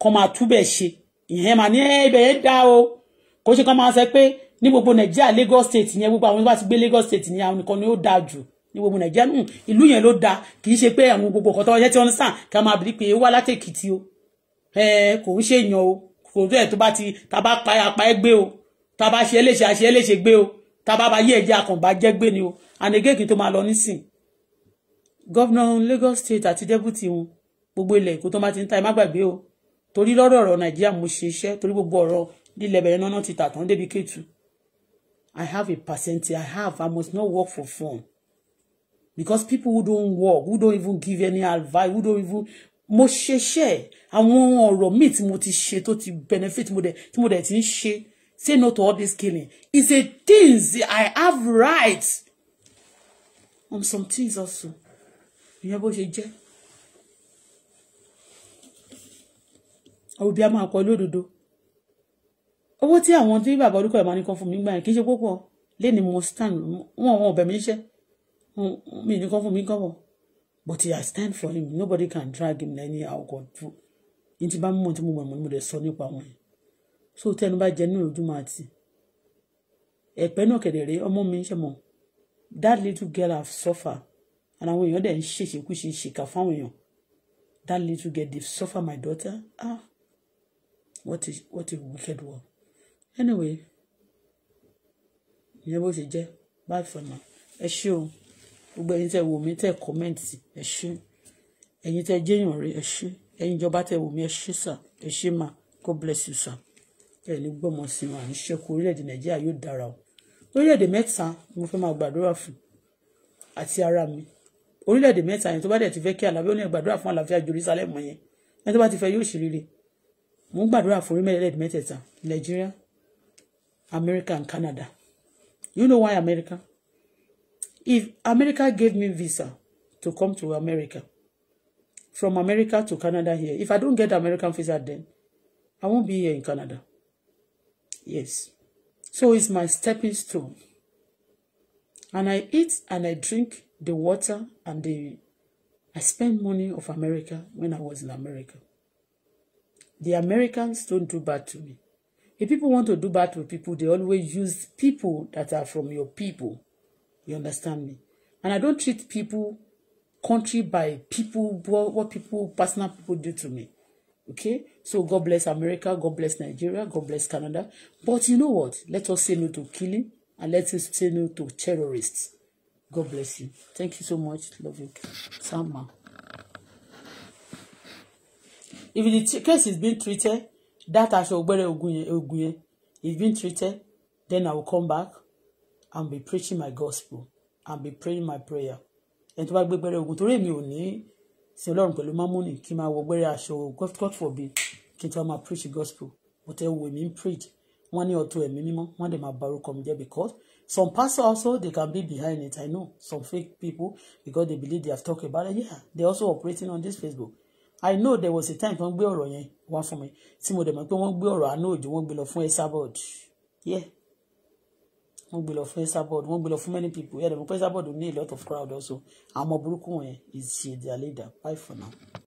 S1: kàn máa túbẹ̀ ṣe ìyẹn mà ní ibẹ̀ yẹn dá o kò ṣe kàn máa sọ pé ní gbogbo Nàìjíríà Lagos state yẹn gbogbo àwọn tó bá ti gbé Lagos state yẹn àwọn nìkan ni ó dáa jù ní gbogbo Nàìjíríà nù hmm, ìlú yẹn ló dáa kì í ṣe pé àwọn gbogbo ọkọ̀ tó yẹ tí wọ́n ń sàn kí a máa bìrì pé wá látèkìtì o kò ń ṣèyàn o kò tó ẹ̀ tó bá ti a bá pa ẹ gbé o a bá ṣe é léṣe àṣe é léṣe gbé o tábà bá yé ẹ̀jẹ̀ àkànbá jẹ́gbé ni o ànegéèkì tó máa lọ nísìn gọ́vnà Lagos State àti deputy wọn gbogbo ilẹ̀ èkó tó máa ti ń ta o torí lọ́rọ̀ ọ̀rọ̀ Nàìjíríà mo ṣe iṣẹ́ torí gbogbo ọ̀rọ̀ lílẹ̀ bẹ̀rẹ̀ náà ti tàtàn débi kéètù I have a percentage I have I must not work for fun because people who don't work who don't even give any advice who don't even mo ṣe iṣẹ́ àwọn ọ̀rọ̀ míì tí mo ti ṣe tó ti benefit mo dẹ̀ tí mo dẹ̀ ti ń ṣe Say no to all this killing. It's a things I have rights on um, some things also. You bó ṣe jẹ́. Òbí a máa kọ lódodo. Owó tí àwọn tí bàbá olùkọ́ ẹ̀ máa ní kan fún mi gbà yẹn kì í ṣe púpọ̀. Léni mo stand wọn wọn ọ̀bẹ mi níṣẹ́. Mi ní kan fún mi kan But I stand for him. Nobody can drag him anyhow. Ní ti bá mú mọ̀ tí mo mọ̀ mo dẹ̀ sọ nípa wọn yẹn so tẹnu bá jẹ nínú ojú máa tì ẹ̀pẹ́ náà kẹ̀dẹ̀rẹ́ ọmọ mi ṣe mọ̀ that little girl have suffer and àwọn èèyàn dẹ̀ ń ṣèṣekúṣe ṣìkà fáwọn èèyàn that little girl dey suffer my daughter ah what a what a wicked world anyway ìyẹn bó ṣe jẹ́ Bad for now ẹ ṣé o gbogbo ẹ̀yin tẹ́ wò mí tẹ́ kọmẹǹtì ẹ ṣé ẹ̀yin tẹ́ jẹyàn rí ẹ ṣé ẹ̀yin ìjọba tẹ́ wò mí ẹ ṣé sà ẹ ṣé ma God bless you sir ẹ ní gbọ́mọ sí wa ní ṣẹ́kù orílẹ̀-èdè nàìjíríà yóò dára o orílẹ̀-èdè mẹ́ta mo fẹ́ máa gbàdúrà fún àti ara mi orílẹ̀-èdè mẹ́ta yẹn tó bá dẹ̀ ti fẹ́ kí àlàáfíà ó ní gbàdúrà fún àlàáfíà Jerusalem yẹn ẹni tó bá ti fẹ́ yóò ṣèríire mo ń gbàdúrà fún orílẹ̀-èdè mẹ́tẹ̀ẹ̀ta Nigeria America and Canada you know why America if America gave me visa to come to America from America to Canada here if I don't get American visa then I won't be here in Canada Yes. So it's my stepping stone. And I eat and I drink the water and the I spend money of America when I was in America. The Americans don't do bad to me. If people want to do bad to people, they always use people that are from your people. You understand me? And I don't treat people country by people, what people, personal people do to me. Okay, so God bless America, God bless Nigeria, God bless Canada. But you know what? Let us say no to killing and let us say no to terrorists. God bless you. Thank you so much. Love you. Sama. If the case is being treated, that aṣọ ògbẹ́rẹ́ ogun yẹn ogun is being treated, then I will come back and be preaching my gospel and be praying my prayer. Ẹni tó bá gbé ogun torí èmi ò ní sin ọlọ́run pẹ̀lú mámúnì kí n máa wọ gbẹ́rẹ́ aṣọ god god forbid kí n tí wọ́n máa preach gospel mo tẹ́ wo èmi ń preach wọ́n ní ọ̀tọ̀ ẹ̀mí mímọ́ wọ́n dẹ̀ máa barúkọ mi jẹ́ because some pastors also they can be behind it i know some fake people because they believe they have talked about it yeah they also operating on this facebook i know there was a time tí wọ́n gbé ọ̀rọ̀ yẹn wá fún mi tí mo dẹ̀ mọ̀ pé wọ́n gbé ọ̀rọ̀ àánú òjò wọ́n gbé lọ fún esabod yeah wọ́n gbé lọ fún Esabod wọ́n gbé lọ fún many people yẹ́n dẹ̀ mọ̀ pé Esabod ní a lot of crowd also àwọn ọmọ burúkú wọ̀nyẹn is she their leader bye for now.